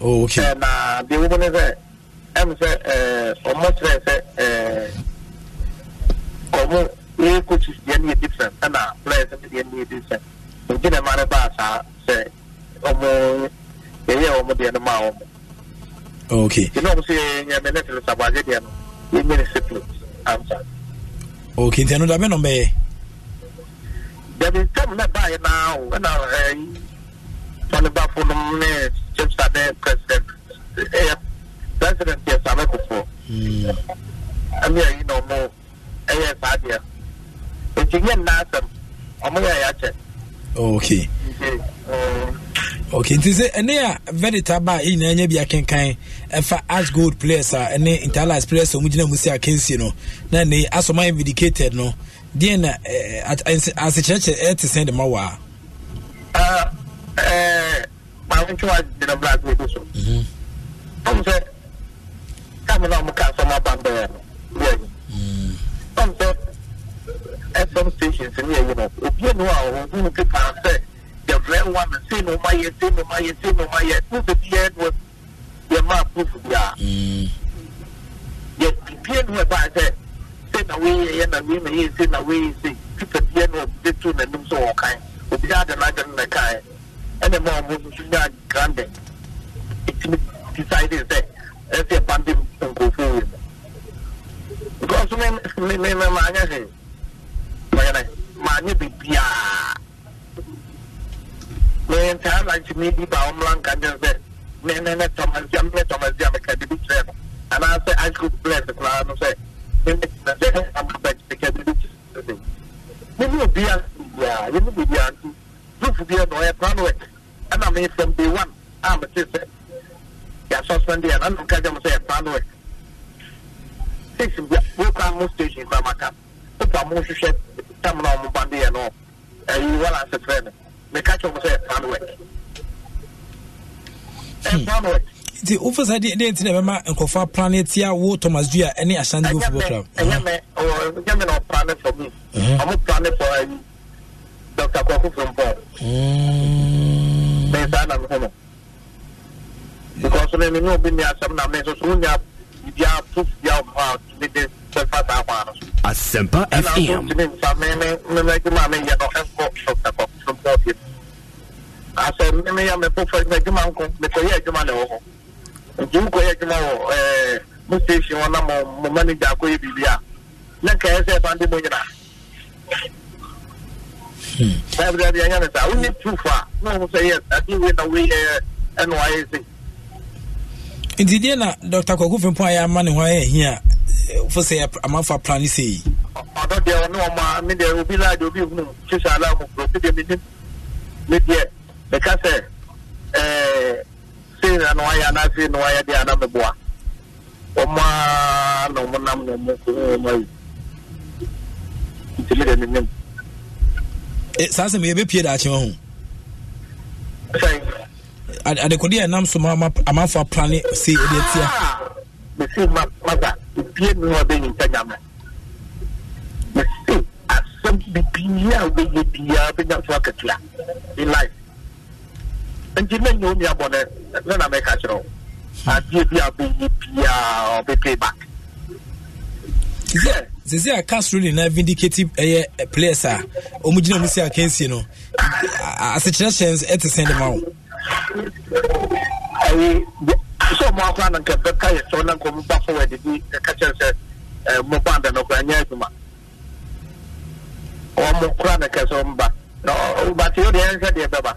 oh ok. ɛ na deɛ wɔn ne sɛ ɛmu sɛ ɛɛ ɔmo kyerɛ sɛ ɛɛ ɔmo yɛ coaches deɛ ne yɛ different ɛna players deɛ ne yɛ different obi na ɛma ne ba saa sɛ ɔmo yɛyɛ ɔmo deɛ no ma ɔmo. okay. ɛna ɔmo sɛ yɛ nyɛ mɛ ne sɛ ne sabu agye deɛ no yɛ mɛ ne separate answer ok nti ɛno da bɛ nɔ bɛyɛ. dabi ntɛm na ba yɛ naa o ɛna ɛyi fanibafo nom ne james abe president ɛyɛ e, president yɛ same kofo. ɛmi ɛyi na ɔmo ɛyɛ saa deɛ nti nyɛ nnaasɛm ɔmo yɛ ɛyɛ akyɛ. ok. okay ok nti sɛ ɛne a vedita ba yɛ nyinaa nya bi akenkan ɛfa as gold players a ɛne interlas players a ɔmugyina mu si akansie no na ne asɔma vindicated no deɛ na eh, asekyerɛkyerɛ ɛte sɛn de ma wɔ a ɛsɛm stations ne ɛyi no obie no a ɔhu no pepa sɛ they're very one and say no my yes, say no my tu, say no my yes. Proof at the end was your map proof of yeah. Yes, the PN who about that send away and we may send away say proof at the end was the two and them so all kind. We'll be out and I don't like I and the mom was granted. It decided that let's say abandon and go forward. Because me me me me me me me me me me me me meyɛ ntaa lanche ni ba ɔmmra nka dwen sɛ menene tɔmasdua mene tɔmasdua meka de bi kyerɛ no anaasɛ icecook bless koraa no sɛ mene obia biaa yɛne biribiaa nti proof biɛ no ɔyɛ plan work ɛna me from day one a mete sɛ yɛasuspende ana na mka gya m sɛ yɛ plan work six bia wokora mo station koraa maka wopa mo hwehwɛ tam na ɔmo bandeɛ no ɛyi wala ase frɛ no meka kyɛ mo sɛ ɛpan work ɛpan hmm. work nti wofa saa deɛ nti na ɛbɛma nkurɔfoɔ aprane tia wo thomas dua ne ahyɛnde go football club ɛnyɛmɛ na ɔprane for me mhm. ɔmo prane for ayi dr kwako frompɔ hmm. mɛ saa na me ho no because me me ne obi ne asɛm na me nso so wonya bibia proof bia ɔmɔ a tumi de kyɛfa saa kwan no so asɛmpa fm asɛ memeya mepofɔ adwuma nko mekɔyɛ adwuma ne wɔ hɔ hmm. nti wokɔyɛ adwuma wɔ mo station hɔ na mo manager akɔyɛ biribi a na nkaɛ sɛ ɛfa nde mo nyina nti deɛ na dr kwakufempo ayɛ ama ne ho ayɛ hia fo sɛ amanfo apla ne sɛi ɔno deɛ ɔne ɔma me deɛ obi la deɛ obi hunu kyesɛ ala mu borɔfi deɛ menim me deɛ meka sɛ eh, sei na no wayɛ anaasei na wayɛ deɛ ana meboa ɔma na ɔmo nam na ɔmo ɔmo ayi nti me deɛ menim e, saa sɛ meyɛbɛpie daakye ma ho adekodeɛ ɛnam so ma amanfo aplane ah! sei ɛdeɛ tia mesi masa bibie mi hɔ bɛyi nkyɛ nyame mese asɛm bibie a wobɛyɛ biaa wobɛnya so akatua in life nti na nyɛ wo nua bɔne ne na mɛka kyerɛ wo adeɛ bi a wobɛyɛ biaa ɔbɛpay back sisi a castro nyinaa vindicative ɛyɛ eh, eh, players a wɔn gyina mu si akansie no asekyerɛkyerɛ ɛte sɛn de ma wo sɛ ɔmo akora no nka bɛka yɛ sɛ na nka ɔmo e, ba forward bi ɛka kyerɛ sɛ mo ba da no kora nyɛ adwuma ɔmo kora no kɛ sɛ ɔmo ba na ɔbate yɛ deɛ ɛnhwɛ deɛ bɛba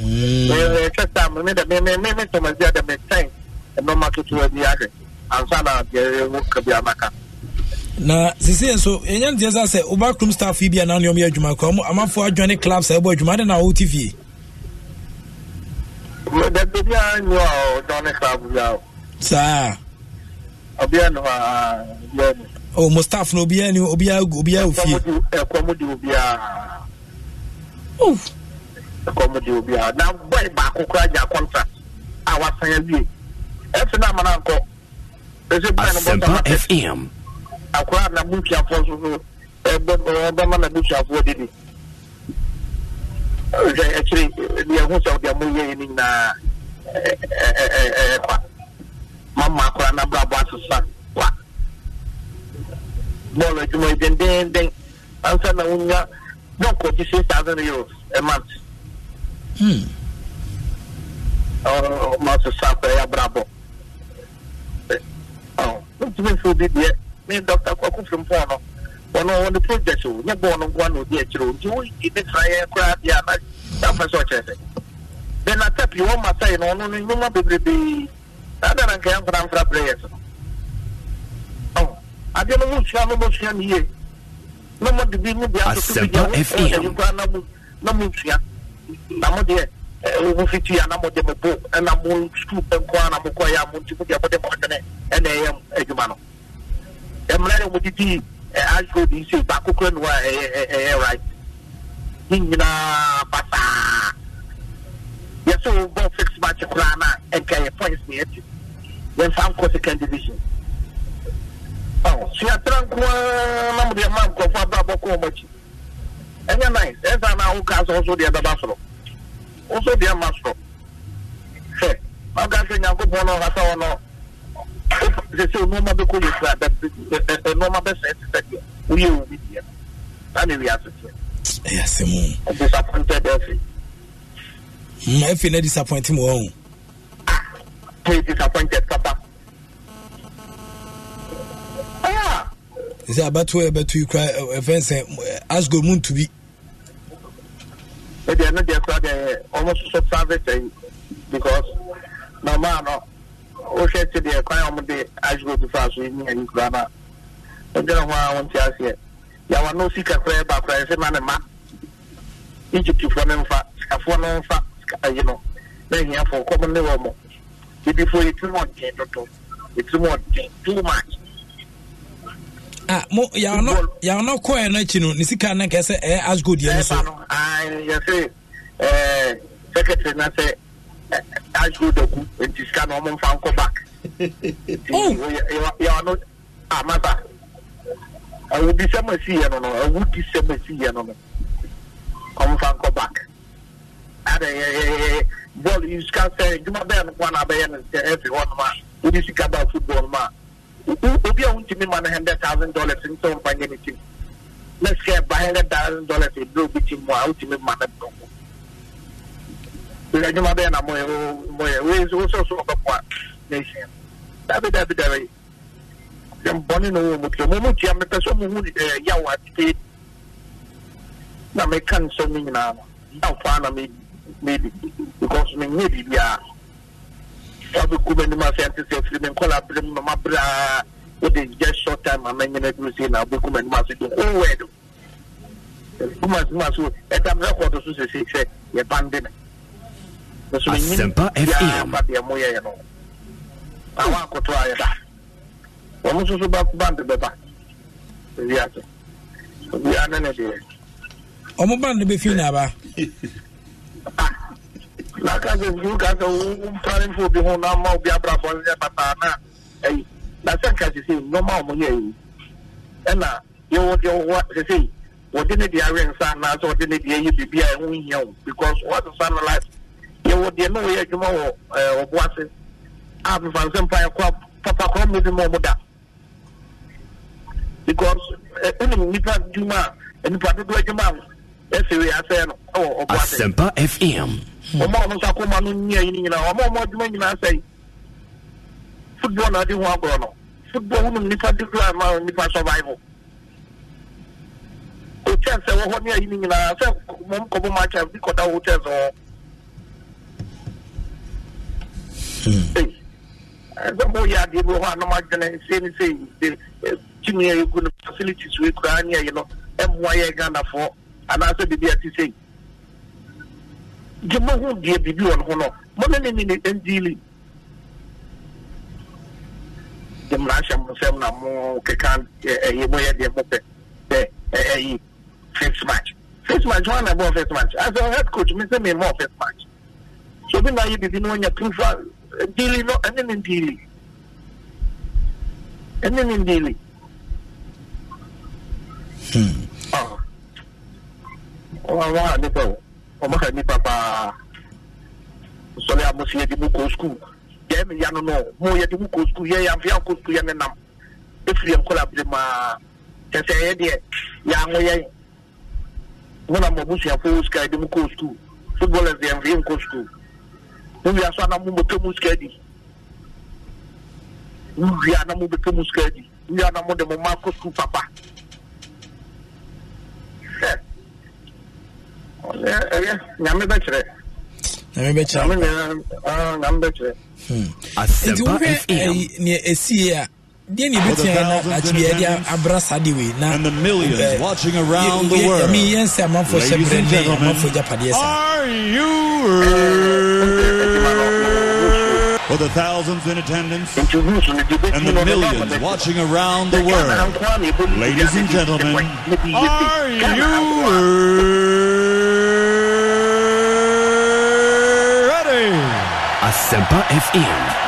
ɛhwɛ sɛ mo ne dɛ me me me me tɔmɔdzi dɛ me sɛn ɛnɔma ketewa bi ahwɛ ansa na deɛ ɛwɔ kabi amaka na sisi nso ɛnyɛ no deɛ sɛ sɛ woba krom staff bi a na ne ɔmyɛ adwuma kora ɔmo amafoɔ adwane clubs a ɛbɔ adwuma ade na wɔwo te dɛbi obi a nyo a ɔdɔn ne saa bu ya o. saa. obi a no a obi a o mo staff na obi a ni obi a obi a ofie. ɛkɔm di obi a. ɛkɔm di obi a na bɔyi baako kura gya contract a wasan awie ɛfi na amana nkɔ. asempa fm. akora na busuafoɔ soso ɛbɛ ɛbɛ ma na busuafoɔ didi actually deɛ ho sɛ deɛ moyɛɛ no nyinaa ɛkwa mama akora no abrabɔ asesa kwa bɔɔl adwuma yi dendenden ansa na wonya dɔnkɔ gye six thousand euros a month ma sesa akora yɛ abrabɔ ntumi nso bi deɛ me dɔkta kɔkɔ firim pɔn no ɔno ɔno project o nyɛ bɔ ɔno nkoa na odi akyire o nti woyi ne tra yɛ koraa bi a na dafa sɛ ɔkyerɛ sɛ then atap yi wɔn masa yi no ɔno no nyoma na ada na nka yɛ mfra mfra players no ɔn adeɛ no mo sua no mo sua no yie na mo de bi mo de ato bi gya wɔn ɛyɛ koraa na mo na mo sua na mo deɛ ɛɛ mo fi tuya na mo de mo bo ɛna mo sukuu bɛn koraa na mo kɔ yɛ a mo ti deɛ mo de mo ɔdene ɛna ɛyɛ adwuma no asgod sɛ baako kora ne hɔ a ɛyɛ right ne nyinaa basaa yɛsɛ wobɔ fix oh, match koraa no a ɛnka yɛ points ne yɛte yɛmfa nkɔ second division suatra nkoa na mode ɛma nkurɔfoɔ abrabɔ kɔ ɔmɔkyi ɛnyɛ nice ɛnsa na woka sɛ wo so deɛ bɛba soro wo so deɛ ma soro hwɛ na woka sɛ nyankopɔn no ɔkasa wɔ no sɛ o nnoɔma bɛkɔ yɛ kura nnoɔma bɛsɛ te sɛ deɛ woyɛ wo bi deɛ no saa ne wiase teɛ ɛyɛ asɛm disappointed afi ma afi na disappoint mu ɔn pɛ disappointed papa sɛ abatoɔ yɛbɛto yi kora ɛfɛn sɛ asgo mu nto bi ɛdeɛ no deɛ kora deɛ ɔmo soso service because mama no wohwɛ te deɛ kwan a wɔde agyegodi fa so ne ani kura no a ɔgyina ho a wonte aseɛ yɛwa no sika koraa ba koraa sɛ ma ne ma egyptfoɔ no mfa sikafoɔ no mfa ayi no na ahiafoɔ kɔm ne wɔ mɔ bibifoɔ yɛtiri mu ɔden dodo yɛtiri mu ɔden too much Ah, mo yàwọn yàwọn nọ kọ ẹ n'akyi no ne sika ne kẹsẹ ẹ eh, asgod yẹn eh, so. ẹ ba yẹ sẹ ẹ sẹkẹtiri na sẹ ahyew daku nti sika na ɔmo nfa nkɔ back yɛwa no amasa ɛwo bi sɛm asi yɛ no no ɛwo di sɛm asi yɛ no no ɔmo nfa nkɔ back ada yɛ bɔɔl sika sɛ edwuma bɛyɛ no kwan na abɛyɛ no sɛ ɛfi hɔ nom a wodi sika ba football nom a obi a wontumi ma no hundred thousand dollars nsɛ ɔmfa nyɛ ne tim na sika ɛba hundred thousand dollars ebire obi tim mu a wotumi ma no dɔnko sɛ adwuma bɛyɛ na moyɛ wei so wosɛ so wɔbɛboa nation dabi dabi dabi sɛ mbɔne na wɔwɔ mu tiɛ mo mu tia mepɛ sɛ mohu yaw atete na meka nsɛm no nyinaa no yawfaa na medi because menyɛ biribiaa fa bɛku m'anim asɛ nte sɛ afiri me nkɔla berɛ mu mama berɛa wode just short time amanyina duru sei na wobɛku m'anim ase do whole word womasomase ɛdam record so sesei sɛ yɛbande me asɛmpa fm wɔn nso so band bɛba wiase obiara ne ne deɛ. wɔn band bɛ fi n'aba. n'aka sɛ furu ka sɛ mpare nfo bi ho n'ama obi abrabɔ nsɛ pataa na ɛyi na sɛ nka sese nneɛma wɔn yɛ yi ɛna yɛwɔ yɛwɔ sese wɔde ne deɛ awɛ nsa anaasɛ wɔde ne deɛ yɛ biribi a ɛho hia o because wɔn asesa no life yɛwɔ deɛ na wɔyɛ adwuma wɔ eh, ɔboase a mefansɛ mpa yɛkɔ papa korɔ mu bi ma ɔmo da because wonim eh, nnipa dwuma a nnipa dodoɔ adwuma a ɛsɛ wei asɛe no ɛwɔ ɔboase asɛmpa fm ɔma ɔno nso akoma no nia yi no nyinaa ɔma ɔmo adwuma nyinaa sɛe football na ɔde ho agorɔ no football wonim nnipa dodoɔ a ma nnipa survival hotels ɛwɔ hɔ ne ayi no nyinaa sɛ mɔmkɔbɔ ma akyɛ bi kɔda hotels wɔ ɛsɛ mm. eh, mo facilities face match face match one na ɛbɔ face match a head coach me sɛ memmɔ face match so bi na ayɛ biribi no ɔnya proof ndili no ɛne ne ndili ɛne ne ndili ɔma ha nipa o ɔma ha nipa paa sɔle a mosi yɛde mu kɔ sukuu yɛ me ya no no mo yɛde mu kɔ sukuu yɛ yɛmfe akɔ sukuu yɛ ne nam ɛfiri yɛ nkɔla bere maa kyɛ sɛ ɛyɛ deɛ yɛanwo yɛn na ma busuafoɔ sika yɛde mu kɔ sukuu footballers yɛmfe yɛ nkɔ wowia so ana momɔpɛ mu sika adi wowia na mobɛpɛ mu sika adi wowia na mode mo ma kɔ sukuu papa ɛyɛ nyame bɛkyerɛ nyame bɛkyerɛ nti wohwɛ neɛ ɛsie a deɛ ne bɛtua yɛ no akyibi yɛde abra saa de wei na yɛnsɛ amanfoɔ hyɛ berɛ ne amanfoɔ gyapadeɛ saa for the thousands in attendance and the millions watching around the world. Ladies and gentlemen, are you ready? A Semper FM.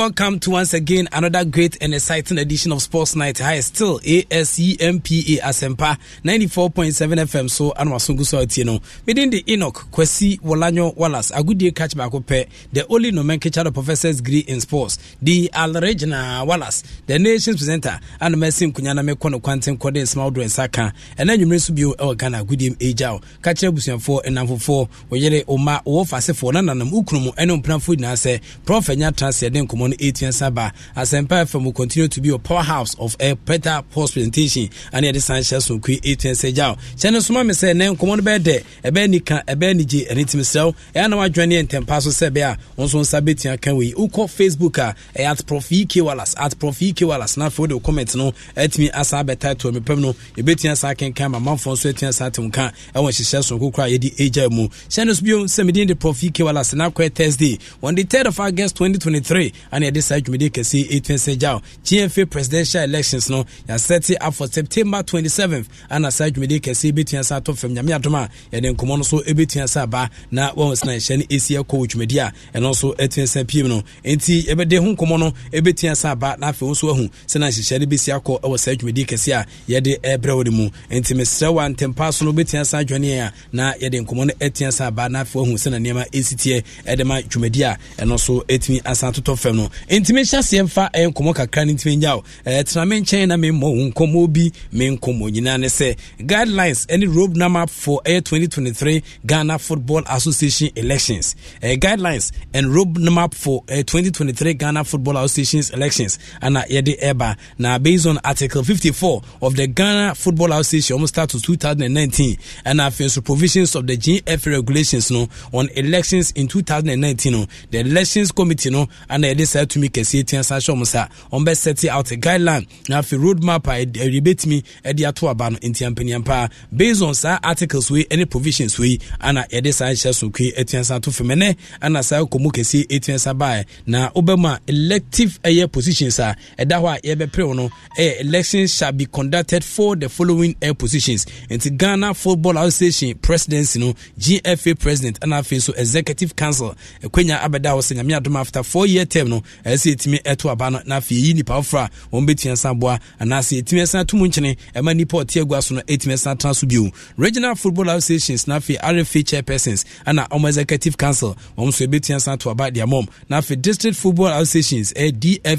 welcome to once again another great and exciting edition of Sports Night. Hi, still ASEMPA Asempa 94.7 FM. So, and wasungu so you know. Within the Enoch, Kwesi Wolanyo Wallace, a good dear catch back up eh, the only nomenclature professors degree in sports, the Al Regina Wallace, the nation's presenter, and Messim Kunyana Mekono Quantum Cordin Smaldo and Saka, and then you may subio El Ghana, good him age out, catch up with four and number four, or yere Oma, or Fasifo, and Ukrumu, and Umplan Food Nase, Prof. Nya Transcendent 108 and Saba. FM will continue to be a powerhouse of a better post presentation. And the Sanchez will create 8 Sejao. Channel Suma me say, Nen, come on bed there. Ebe Nika, Ebe Niji, and it's myself. And I join in Tempaso Sebea. Also on Sabeti and Kenwe. Uko Facebook ah? at Profi e K. Wallace. At Profi e K. Wallace. Now for the comment no. At me as I better to me permanent. You bet you as I can come. My mom for sweating as I can. And when she says, so who cry, Eddie Aja Mu. Channel Sbio, Semidin the Profi e K. Wallace. Now quite Thursday. On the 3rd of August 2023 ɛna yɛde saa dwumadi kɛseɛ ɛtumi sɛ gyaw gmfa presidential elections no yɛasɛte up for september twenty th ana saa dwumadi kɛseɛ bɛtua sa atɔ fam nyame adom a yɛde nkɔmmɔ no so ɛbɛtua sa aba na wɔn sena ɛhyɛ no ɛsi ɛkɔ wɔ dwumadi a ɛno nso ɛtumi sa piem no enti yɛbɛde ho nkɔmmɔ no ɛbɛtua sa aba na afei wo nso ahu sɛna nhyehyɛ no bɛsi akɔ ɛwɔ saa dwumadi kɛseɛ a yɛde ɛbrɛ wo de mu enti mesrɛ wo antɛmpa so no wobɛtua sa adwane a na yɛde nkɔmmɔ no ɛtua sa aba na afei ahu sɛna nneɛma ɛsi teɛ ɛde ma dwumadi a ɛno nso ɛtumi asan totɔ fam no ntumi nhyɛ aseɛ mfa eh, nkɔmmɔ kakra no ntumi nya wo eh, tena me nkyɛn na memmɔ wo nkɔmmɔ bi me nkɔmmɔ nyinaa ne sɛ guidelines ne road number for ɛyɛ eh, 2023 ghana football association elections uh, guidelines and road number for uh, 2023 ghana football association elections ana yɛde ɛba na based on article 54 of the ghana football association almost start to 2019 and afei nso provisions of the gfa regulations no on elections in 2019 no the elections committee no ana yɛde sɛ saa tumi kɛseɛ tia san hyɛ ɔmo sa ɔmo bɛ sɛte out a guideline na afei road map a ɛde bɛtumi ɛde ato aba no nti mpanyin paa based on saa articles wei ɛne provisions wei ana yɛde saa nhyɛ so kwe ɛtia san to fam ɛnɛ ɛna saa kɔmu kɛseɛ ɛtia san baa na ɔbɛma elective ɛyɛ positions a ɛda hɔ a yɛbɛpere no ɛyɛ elections shall be conducted for the following air positions nti ghana football association presidency no gfa president ɛna afei nso executive council ɛkwanya abɛda hɔ sɛ nyame adom after four year term no ɛsɛ ɛtumi ɛto aba no na afei yi nipa foforɔ a wɔn bɛtumi ɛsan boa anaasɛ ɛtumi ɛsan to mu nkyene ɛma nipa ɔte agua so no ɛtumi ɛsan tena so bio regional football associations na afei rfa chairpersons ɛna wɔn executive council wɔn nso ɛbɛtumi ɛsan to aba deɛ mɔm na afei district football associations ɛyɛ dfa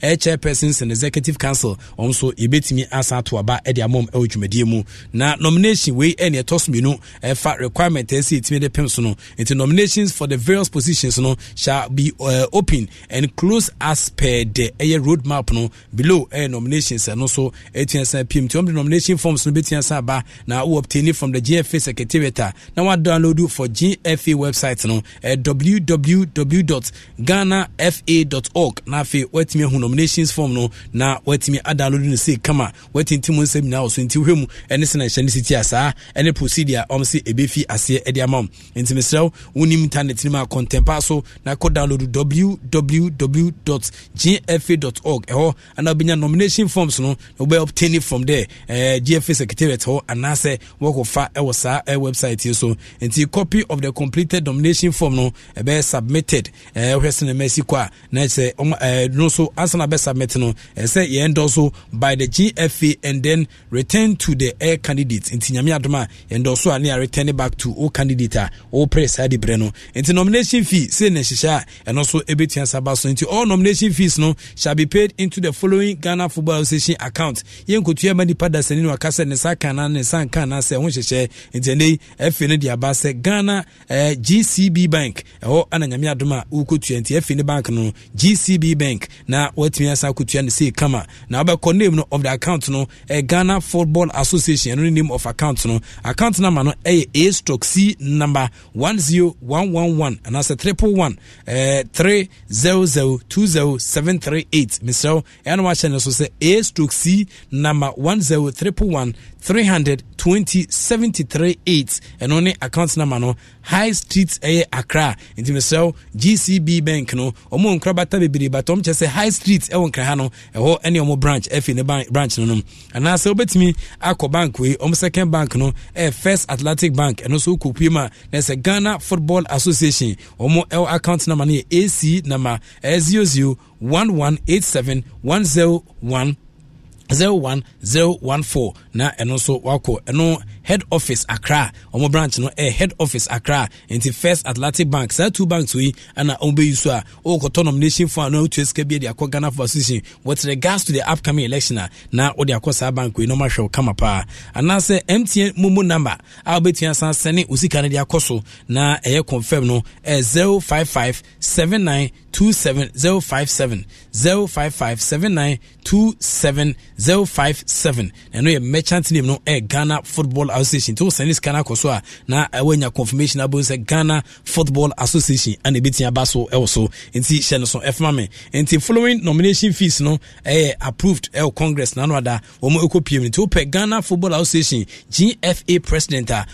ɛyɛ chairpersons and executive council wɔn nso ɛbɛtumi asan to aba ɛde amɔm ɛwɔ dwumadie mu na nomination wei ɛne ɛtɔ so mmienu ɛfa requirement ɛsɛ ɛtumi de pem so no nti nominations for the various positions no shall be uh, open and close as per the ɛyɛ eh, road map no below ɛyɛ eh, nominations ɛno eh, so ɛtua san pm To wɔn de nomination forms no bɛtua san aba na wɔ obtain it from the gfa secretariat Now, ah. na wa download for gfa website no ɛyɛ www.ghanafa.org na afei wɔatumi ahu nominations form no na wɔatumi adownload no download kama wɔatintim nsɛm nyinaa wɔ so nti wohwɛ mu ɛne sena nhyɛ no si ti asaa ɛne procedure a ɔm sɛ ɛbɛfi aseɛ ɛde ama wo nti mesrɛ wo wonim internet no mu a kɔntɛmpa so na kɔ download www www.gfa.org ɛhɔ ana wobɛnya nomination forms no na wobɛ obtain from there uh, gfa secretariat hɔ anaasɛ wɔkɔfa ɛwɔ saa uh, website yi so nti copy of the completed nomination form no ɛbɛyɛ submitted ɛhwɛ eh, uh, sɛ no masi kɔ a na sɛ uh, eh, no so ansa na bɛsubmit no ɛsɛ yɛn dɔ so by the gfa and then return to the air candidate nti nyame adom a yɛn dɔ so a ne a return back to o candidate a wopere saa de berɛ no nti nomination fee sei na nhyehyɛ a ɛno so ɛbɛtua sa ba so nti all nomination fees no shall be paid into the following ghana football association account yɛnkotua ma nipa dasani no aka sɛ ne sa ka na ne sa nka na sɛ ho hyehyɛ nti ɛnɛ afei no de aba sɛ ghana eh, gcb bank ɛhɔ ana nyame adom a wokɔtua nti afei no bank no gcb bank na watumi asa akɔtua ne sei kama na wobɛkɔ name of the account no eh, ghana football association ɛno ne name of account no account number no ɛyɛ eh, a stroke c number 10111 anaasɛ triple one eh, three zero zero zero two zero seven three eight mesrɛw ɛno wahyɛ no so sɛ a stroke c number one zero triple one three hundred twenty seventy three eight ɛno ne account number no high street ɛyɛ accra nti mesrɛw gcb bank no ɔmo nkora bata bebree but ɔmo kyerɛ sɛ high street ɛwɔ nkra ha no ɛhɔ ɛne ɔmo branch ɛfi ne branch no no anaasɛ wobɛtumi akɔ bank wei ɔmo second bank no ɛyɛ first atlantic bank ɛno nso wokɔ pue mu a na ɛsɛ ghana football association ɔmo ɛwɔ account number no yɛ ac number Zero zero zero one one one one eight seven 00 1187 101 01014 na ɛno nso wakɔ ɛno head office accra ɔmo branch no ɛyɛ eh, head office accra nti first atlantic bank saa two banks yi ɛna ɔmo bɛyi so a ɔkɔtɔ nomination fund na ɔtua sika bi de akɔ ghana football association with regards to the upcoming election a na ɔde akɔ saa bank yi na ɔmo ahwɛ ɔkama paa anaasɛ mtn mumu number a ɔbɛtua san sɛne osika no de akɔ so na ɛyɛ confirm no ɛyɛ eh, zero five five seven nine two seven zero five seven zero five five seven nine two seven zero five seven ɛno yɛ merchant name no ɛyɛ eh, ghana football association nti wosɛne sika no akɔ so a na woanya confirmation abɔ sɛ ghana football association ana ɛbɛtumi aba so ɛwɔ so nti hyɛ no so ɛfma me nti following nomination fees no ɛyɛ approved ɛwɔ congress na no ada wɔn ɛkɔ pie mu nti wopɛ ghana football association gfa president a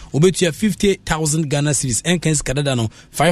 fifty thousand ghana series ɛnka sika dada no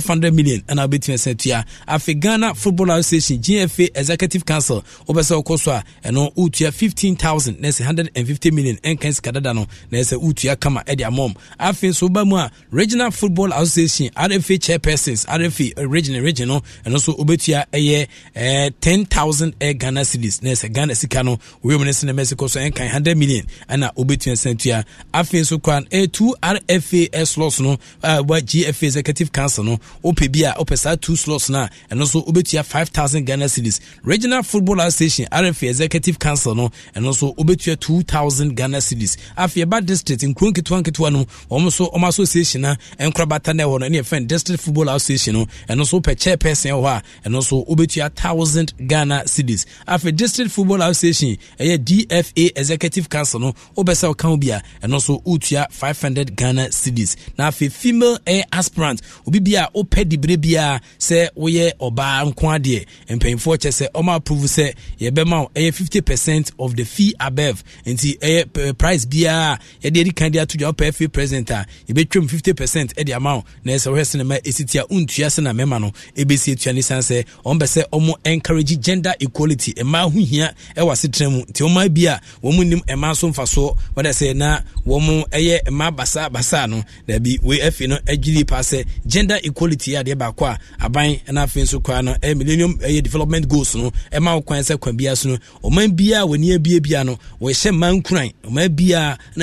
hundred million ɛna wobɛtumi sɛ tua afei ghana football association gfa executive council wopɛ sɛ wokɔ so a fifteen thousand, 15000 hundred and fifty million ɛnka sika dada no na ɛsɛ wotua kamakama ɛde amam afei nso woba mu a regional football association rfa chairpersons rfa regional regional no ɛno nso wobɛtua ɛyɛ eh, 10000 air ghana cities na ɛsɛ ghana sika no wɔyɛmu no sene mexico so ɛnkan 100 million ɛna wobɛtua santua afei nso kora eh, two rfa slots no eh, wa gfa executive council no wopɛ bi a wopɛ saa two slots na a ɛno nso wobɛtua 5000 ghana cities regional football association rfa executive council no ɛno nso wobɛtua 2000 ghana cities afei ɛba district nkuro nkuro nketewa nketewa no wɔn nso wɔn association na nkorabata na ɛwɔ no ɛne yɛfɛn district football association no ɛno nso pɛ chair person ɛwɔ hɔ a ɛno nso obetua thousand ghana cedis afei district football association ɛyɛ dfa executive council no obɛsɛ ɔka ho bi a ɛno nso otua five hundred ghana cities. na afei female ɛyɛ aspirant obi bi a opɛ dibire biara sɛ woyɛ ɔbaa nko adeɛ mpanyinfoɔ kyɛ sɛ ɔmo approve sɛ yɛbɛma ɛyɛ fifty percent of the fee above nti ɛyɛ price biara yɛde yɛde kan de de ato dwa wopɛ afei president a yɛbɛtwam fifty percent de ama wo na ɛsɛ wohwɛ sinema ɛsiti a wontua se na mɛma no ɛbɛsi atua ne san sɛ ɔmpɛ sɛ ɔmo encourage gender equality ɛmaa ho hia ɛwɔ asetena mu nti ɔma bi a wɔn mu nim ɛmaa so mfasoɔ wɔde sɛ na wɔn ɛyɛ mmaa basa basa no daabi wei afei no adwiri paa sɛ gender equality yɛ adeɛ baako a aban ɛna afei nso koraa no ɛyɛ millennium ɛyɛ development goals no ɛma wo kwan sɛ kwan bia so no ɔman bia wɔn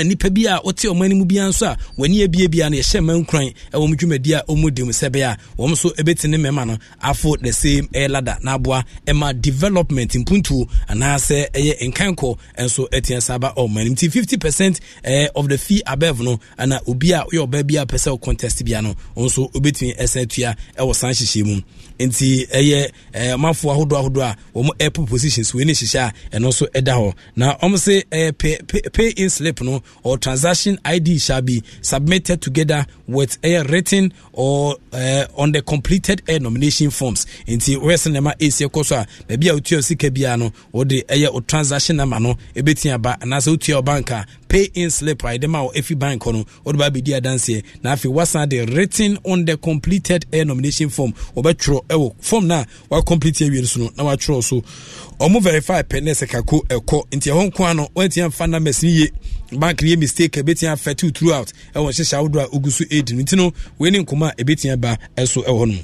ani ɛte ɔmo anim biara nso a w'ani abie biara no yɛhyɛ mmaa nkuran ɛwɔ mo dwumadi a ɔmo di mu sɛbɛɛ wɔn nso ɛbɛtini mmarima no afo the same ɛyɛ ladder n'aboa ɛma development mpuntuo anaasɛ ɛyɛ nkankɔ nso ɛtia saa ba ɔmo anim ti fifty percent ɛɛ eh, of the fee above no ɛna obi a ɔyɛ ɔbaa bi a pɛ sɛ ɔkɔntɛst bia no ɔnso ɔbɛtumi ɛsɛn tua ɛwɔ san hyehyɛ mu nti ɛyɛ ɔmanfoɔ ahodoɔ ahodoɔ a wɔn ɛpo positions wei ne hyehyɛ a ɛno nso ɛda hɔ na wɔn sɛ ɛyɛ pay pay pay in slip no or transaction id shall be submitted together with ɛyɛ written or uh, on the completed ɛyɛ nomination forms nti wɔyɛ sɛ nneɛma esi ɛkɔ so a baabi a otua sika biara no wɔde ɛyɛ o transaction number no ebetumi aba anaasɛ otua ɔbanka pay in slip a yɛde ma ɛfi bank hɔ no wɔde ba bɛdi adanseɛ na afei wasan de written on the completed a nomination form wɔbɛtwerɛ ɛwɔ form no a wɔacomplete awie so no na wɔatwerɛ so ɔmo verify pɛ ne sɛ kako ɛkɔ nti ɛhɔ nko ano wɔntia a numbers no ye bank no yɛ mistake ɛbɛtia fɛtiw throughout ɛwɔ hyehyɛ ahodoɔ a ogu so ɛdi no nti no wei ne nkɔmmɔ a ɛbɛtia ba ɛso ɛwɔ no mu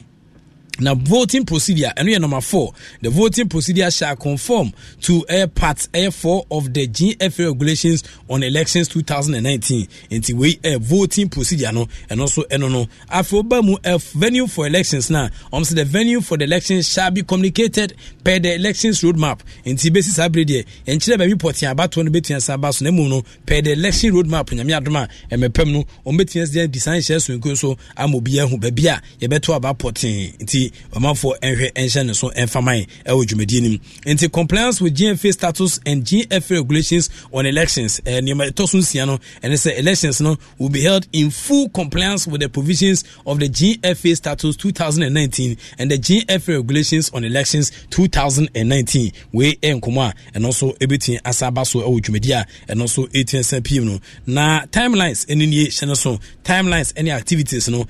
Now, voting procedure, and we are number four. The voting procedure shall conform to a part A4 of the GFA regulations on elections 2019. Into we a voting procedure, no, and also, and no, after Obamu, a venue for elections now. Um, so the venue for the elections shall be communicated per the elections roadmap. Into basis, I believe, there, and Chile baby potty about one bit and Sabas Nemuno per the election roadmap, Yamiadma, and Mepemno, on bit yes, design shares, so I'm Obia, Bebia, Yebeto about potty. dwumadie ɔmanfoɔ ɛnhwɛ ɛnhyɛ ne so ɛmfaman ɛwɔ dwumadie no mu nti compliance with gfa status and gfa regulations on elections eh, nneɛma ɛtɔ so nsia no ɛne sɛ elections no will be held in full compliance with the provisions of the gfa status 2019 and the gfa regulations on elections 2019 wei ɛnkɔmɔ a ɛno nso ɛbɛtumi asa aba so ɛwɔ dwumadie a ɛno nso ɛtumi sa pm no na timelines ɛne nie hyɛ no so timelines ɛne activities no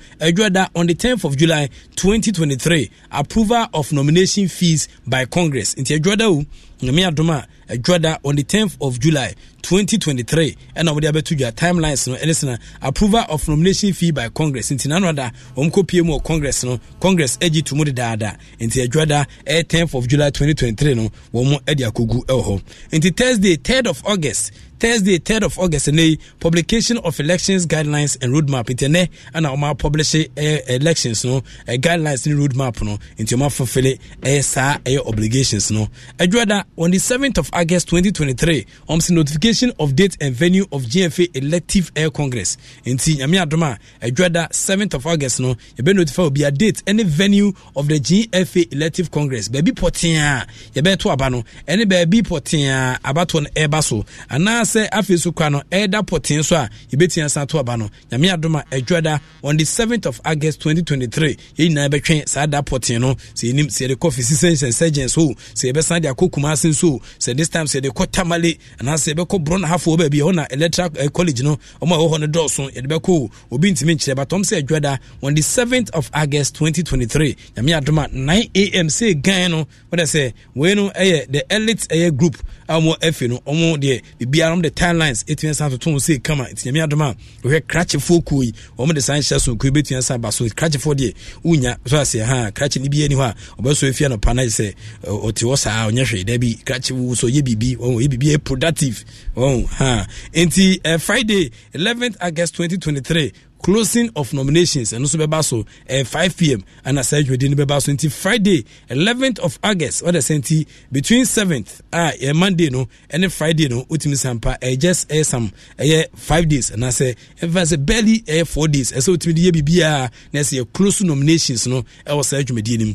da on the 10th of july 2023 three approval of nomination fees by congress nti adwada o nyame adom a adwada on the 10th of july 2023 ɛna wɔde abɛto dwa timelines no ɛne sena approval of nomination fee by congress nti nanoada wɔm kɔpie mu wɔ congress no congress agyi to mu dedaada nti adwada ɛyɛ 10th of july 2023 no wɔn mo de akɔgu ɛwɔ hɔ nti thursday 3rd of august thursday 3rd of august ne publication of elections guidelines and roadmap nti ɛnɛ ɛna wɔn apublish eh, elections no ɛɛ eh, guidelines ne roadmap no nti wɔn afɔfɛlɛ ɛyɛ saa ɛyɛ obligations no adwada eh, on the 7th of august 2023 wɔn si notification of date and venue of gfa elective air congress nti nyame adoma adwada 7th of august no yɛbɛ notify obi a date ɛne venue of the gfa elective congress baabi pɔtea yɛbɛɛto aba no ɛne baabi pɔtea abatoɔ no ɛɛba so anaasɛ sɛ afei so kwa no ɛreda pɔten so a yɛbɛtia san to aba no nyame adom a adwada on the 7th of august 2023 yɛn nyinaa bɛtwɛn saa da pɔten no sɛ yɛnim sɛ yɛde kɔ fisi sɛnhyɛn sɛgyɛn so sɛ yɛbɛsan de akɔ kumase so sɛ this time sɛ yɛde kɔ tamale anaasɛ yɛbɛkɔ borɔ na hafoɔ baabi ɛhɔ na electoral eh, college no ɔma ɛwɔ hɔ no dɔɔso yɛde bɛkɔ obi ntumi nkyerɛ batɔm sɛ adwada on the 7th of august 2023 nyame adom 9am sɛ gan no wɔdɛ sɛ wei no ɛyɛ the elite ɛyɛ group a wɔn afi no wɔn deɛ biribiara the timelines ɛtumi san toto se kama nti nyame adom a wohwɛ krakyefoɔ kuo yi ɔm de san hyɛ so kuo bɛtumi san ba so krakyefoɔ deɛ wonya so aseɛ ha krakye no biani hɔ a ɔbɛsɔ afia no pana sɛ ɔte hɔ saa ɔnyɛ hwee da uh, bi krakye wo so ɔyɛ biribi ɔyɛ biribi ɛ productive ha nti friday August twenty twenty three closing of nominations ɛno nso bɛba so ɛyɛ five pm ɛna saa dwumadie no bɛba so nti friday eleventh of august ɔda sɛ nti between seventh a ɛyɛ monday no ɛne friday no wotumi sampa ɛyɛ just ɛyɛ sam ɛyɛ five days anaasɛ ɛfa sɛ barely ɛyɛ four days ɛsɛ wotumi de yɛ biribiara na ɛsɛ yɛ close nominations no ɛwɔ saa dwumadie no mu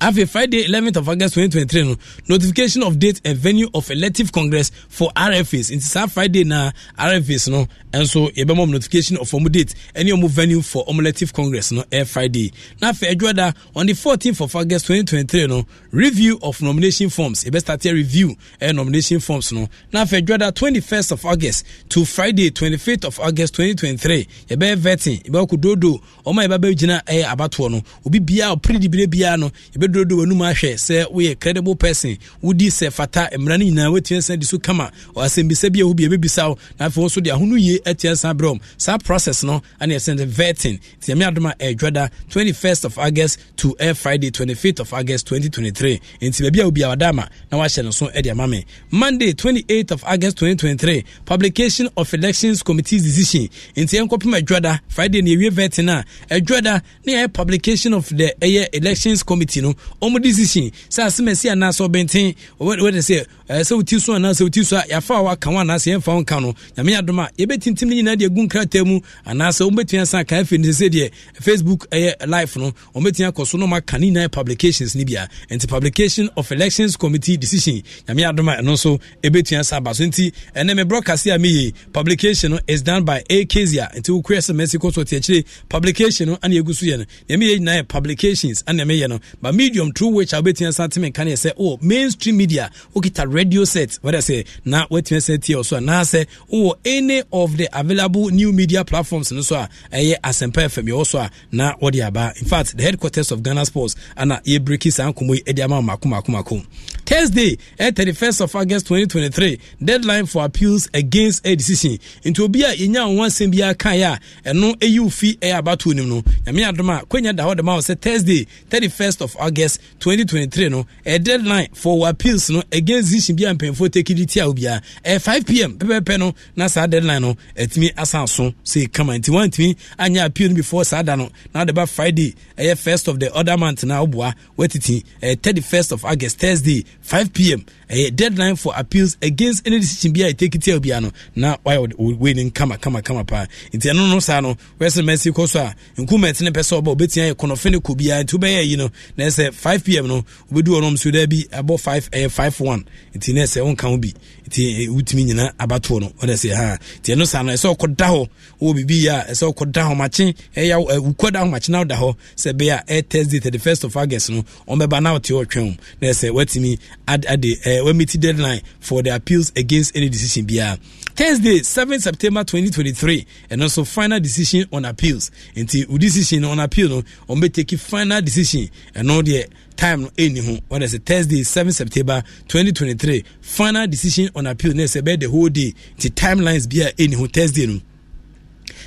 Have a friday eleventh of august twenty twenty three no notification of date and venue of elective congress for rfas nti saa friday na rfas no nso yɛbɛma ɔmo notification of ɔmo date ɛne ɔmo venue for ɔmo elective congress no ɛyɛ friday na afei adwada on the fourteenth of august twenty twenty three no review of nomination forms yɛbɛ start a review ɛyɛ eh, nomination forms no na afei adwada twenty first of august to friday twenty fifth of august twenty twenty three yɛbɛyɛ vetting yɛbɛyɛ kododo ɔmo a yɛbɛbɛ gyina ɛyɛ eh, abatoɔ no obi biara ɔpiri dibire biara no yɛbɛ bɛdododo w'anum ahwɛ sɛ woyɛ credible person wodi sɛ fata mmara no nyinaa woatua san de so kama asɛmbisa bi a wobia bɛbisa wo na afei wo so de ahono yie atua san berɛ m saa process no ane ɛsɛ sɛ vertin nti nyame adom a ɛdwada 21st of august to air friday 25th of august 2023 nti baabi a wobia wada ama na wahyɛ no so de ama me monday 28th of august 2023 publication of elections committee's decision nti yɛnkɔpem adwada friday ne ɛwie vertin a ɛdwada ne yɛyɛ publication of the ɛyɛ elections committee no ɔmo decision sɛ asemɛsi anaasɛ ɔbɛnten wɔde sɛ ɛɛ sɛ woti so anaasɛ woti so a yɛafa a waka ho anaasɛ yɛmfa ho nka no nyame adom a yɛbɛtintim ne nyinaa de agu nkrataa mu anaasɛ wɔmbɛtumi asan kan afei ne sɛ deɛ facebook ɛyɛ live no wɔmbɛtumi akɔ so na ɔmaka ne nyinaa publications ne bia nti publication of elections committee decision nyame adom a ɛno nso ɛbɛtumi asa aba so nti ɛnɛ me broadcast a meyɛ publication no is done by akzia nti wokura sɛ mɛsi kɔ so ɔte akyire publication no ana ɛgu so yɛ no deɛ meyɛ nyinaa yɛ publications ana ɛmeyɛ no but me medium through which I san timi nka ne sɛ oh mainstream media okita radio set wɛrɛ sɛ na wɔatumi sɛ tie ɔso say oh, any of the available new media platforms no so a ɛyɛ asɛmpa fm yɛwɔ so a na wɔde aba in fact the headquarters of ghana sports ana yɛbreki saa nkɔmmɔ yi de ama makomakomako thursday eh, 31st of august 2023 deadline for appeals against a decision nti obi a yɛnya wo ho asɛm biara kaeɛ a ɛno ɛyi wo fi ɛyɛ eh, abatoɔ nim no nyame adom a kwanya da hɔ dema wo sɛ thursday 31st of august 2023 no eh, deadline for wo appeals no against decision bi a mpanyimfoɔ tekidi tia wo biara eh, 5 pm pɛpɛpɛ no na saa deadline no atumi asan so sɛ kama nti woantumi anyɛ appeal no before saa da no na wode ba friday ɛyɛ eh, first of the other month na woboa woatiti eh, 31st of august thursday 5 pm ɛyɛ deadline for appeals against any decision bi a ɛtɛki tia bia no na wayɛ wei no kama kama kama paa nti ɛno no saa no wɛsɛ mɛsi kɔ so uh, a nkumet ne pɛ sɛ ɔba wobɛtumi ayɛ kɔnɔfe ne kɔ biara nti wobɛyɛ yi no na ɛsɛ 5 pm no wobɛdu ɔnom so daa bi ɛbɔ 5 ɛyɛ 5 1 nti na ɛsɛ wonka ho bi nti eh, wotumi nyina abatoɔ no ɔdɛ sɛ ha nti ɛno saa no ɛsɛ ɔkɔda hɔ wɔ biribi yɛ a ɛsɛ ɔkɔda hɔ makye ɛyɛ wokɔda hɔ makye na woda hɔ sɛ ɛbɛyɛ a ɛyɛ thursday thirty first of august no ɔmbɛba na wote ɔtwɛn na ɛsɛ watumi ade ɛɛ wɔmeti deadline for the appeals against any decision biara thursday seven september twenty twenty three ɛno nso final decision on appeals nti wo decision on appeal no ɔmbɛtaki final decision ɛno deɛ time no ɛnni ho wɔde sɛ thursday seven september twenty twenty three final decision on appeal ne sɛ ɛbɛyɛ the whole day nti timelines bi a ɛnni ho thursday no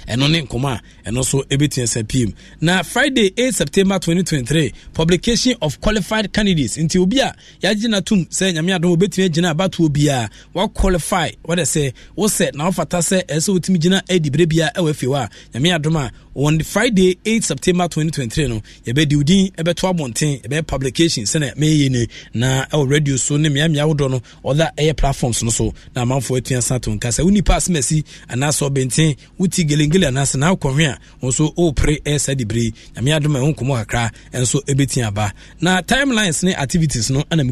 ɛno ne nkɔmɔ a ɛno nso ɛbɛtua sɛ pm na friday eight september twenty twenty-three. publication of qualified candidates nti obi a yɛagye no tom sɛ nyame adom wobɛtumi agyina abatoɔ biaa woaqualify wɔde sɛ wosɛ na wofata sɛ ɛsɛ wotumi gyina adi berɛ biaa ɛwɔ afie hɔ a nyame adom a on friday 8 september 2023 no yɛbɛdi wo din ɛbɛto abɔnten ɛbɛyɛ publication sɛnea meyɛ ne na ɛwɔ radio so ne mmeammea wodoɔ no ɔda ɛyɛ platforms no so na amanfoɔ atua sa to nka sɛ wo nipa asemasi anaasɛ ɔbɛnten woti gelengele anaasɛ na wokɔhwe a wo nso wopere ɛyɛ saa diberei nyame adom a ɛwo nkɔmmɔ kakra ɛnso ɛbɛtia na timelines ne activities no ana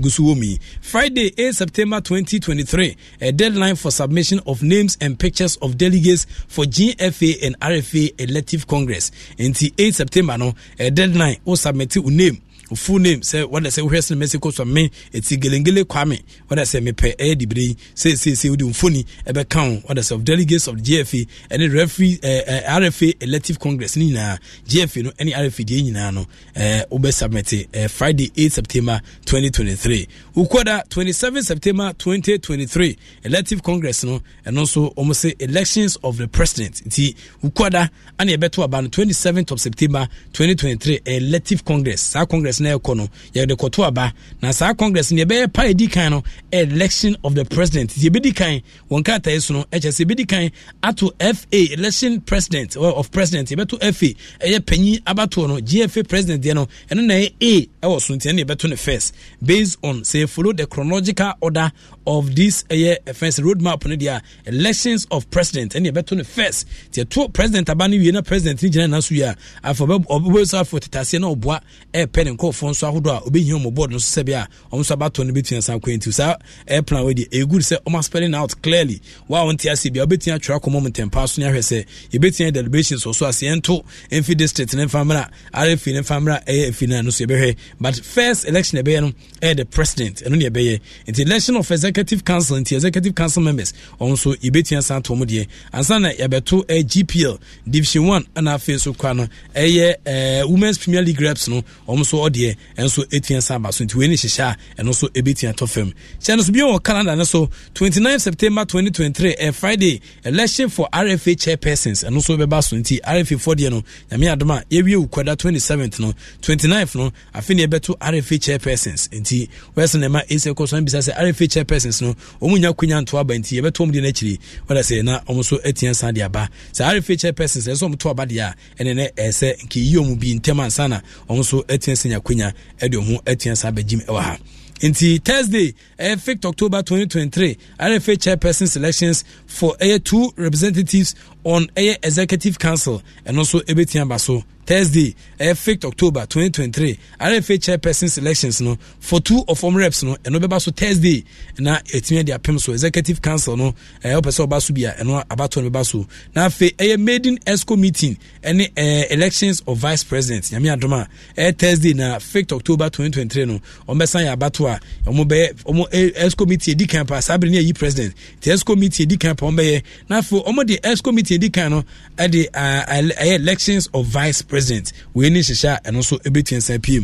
friday 8 september 2023 a deadline for submission of names and pictures of delegates for gfa and rfa elective congress nti 8 september no eh, deadline wo submit wo name full name sɛ wɔde sɛ wohwɛ sinimɛ sɛ kɔsɔ me eti gelengele kwame wɔde sɛ mepɛ ɛyɛ dibire yi seeseese wode mfoni ɛbɛka ho wɔde sɛ of delegates of gfa ɛne referee ɛɛ eh, eh, rfa elective congress ne nyinaa gfa no ɛne rfa deɛ nyinaa no ɛɛ wobɛ submit ɛɛ eh, friday eight september twenty twenty three ukoda twenty seven september twenty twenty three elective congress no ɛno nso wɔn sɛ elections of the president nti ukoda ɛna yɛbɛto aba no twenty seven of september twenty twenty three elective congress saa congress congress na ɛkɔ no yɛde kɔto aba na saa congress no yɛbɛyɛ pa ɛdi kan no election of the president nti yɛbɛdi kan wɔn krataa so no ɛkyɛ sɛ yɛbɛdi kan ato fa election president of president yɛbɛto fa ɛyɛ panyin abatoɔ no gfa president deɛ no ɛno na ɛyɛ a ɛwɔ so nti ɛno yɛbɛto no first based on sɛ follow the chronological order of this ɛyɛ uh, road map no deɛ elections of president ɛna yɛbɛto no first tí yɛto president aba no wie na president ne gyina naso yie a afɔ ɔbɛbɔ sɛ afɔ tetaseɛ na ɔboa ɛɛpɛ ne nkɔ nkɔfoɔ nso ahodoɔ a obɛhia ɔmɔ board no so sɛbi a ɔmo nso abatɔ no bɛtua san kwan nti saa airplan wei deɛ ɛgu sɛ ɔmo spelling out clearly wa wɔn ti ase bi ɔbɛtua atwerɛ akɔmɔ mu ntɛmpa so ne ahwɛ sɛ yɛbɛtua deliberations wɔ so ase yɛnto mfi district ne nfa mmerɛ rfa ne nfa mmerɛ ɛyɛ afi no so yɛbɛhwɛ but first election ɛbɛyɛ no ɛyɛ the president ɛno ne yɛbɛyɛ nti election of executive council nti executive council members ɔmo nso yɛbɛtua san to ɔmo deɛ ansa na yɛbɛto ɛyɛ gpl division one ɛna afei so kwa no ɛyɛ ɛɛ eh, women's premier league reps no ɔmo nso ɔde deɛ ɛnso ɛtua sa aba so nti wei ne hyehyɛ a ɛno nso ɛbɛtua tɔ fam hyɛ no so bio wɔ calendar no so 29 september 2023 ɛ friday election for rfa chairpersons ɛno nso bɛba so nti rfa fɔ deɛ no nyame adom a yɛwie wo kwada 27th no 29th no afei ne yɛbɛto rfa chairpersons nti wɔyɛ sɛ nɛma ɛsɛ kɔ so no bisa sɛ rfa chairpersons no ɔmu nya kwanya nto aba nti yɛbɛto ɔm deɛ no akyiri wɔda sɛ na ɔmo nso atua sa de aba sɛ rfa chairpersons ɛsɛ ɔmo to aba deɛ a ɛne nɛ ɛɛ sɛ nkɛyi ɔmu bi ntɛm ansa na ɔmo nso atua sɛ nya akonya ɛde ho atua saa bɛgyim ɛwɔ ha nti thursday ɛyɛ eh, 5th october 2023 rfa chairperson selections for ɛyɛ eh, two representatives on ɛyɛ eh, executive council ɛno nso ɛbɛtia ba so thursday ɛyɛ eh, fifth october twenty twenty three rfa chairperson selections no for two of form reps no ɛno bɛba so thursday na ɛtumi de apem so executive council no ɛyɛ ɔpɛ sɛ ɔba so bi a ɛno abatoɔ no bɛba so na afei ɛyɛ maiden ESCO meeting ɛne eh, ɛɛ elections of vice president nyame adom a ɛyɛ eh, thursday na fifth october twenty twenty three no wɔn bɛsan yɛ abatoɔ a wɔn bɛyɛ wɔn exco meeting edi kan pa saa abiri ne yɛ president te exco meeting edi kan pa wɔn bɛyɛ na afei wɔn de exco meeting edi kan no ɛde ɛyɛ elections of vice president. president wei ne hyehyɛ a ɛno nso and nsa pm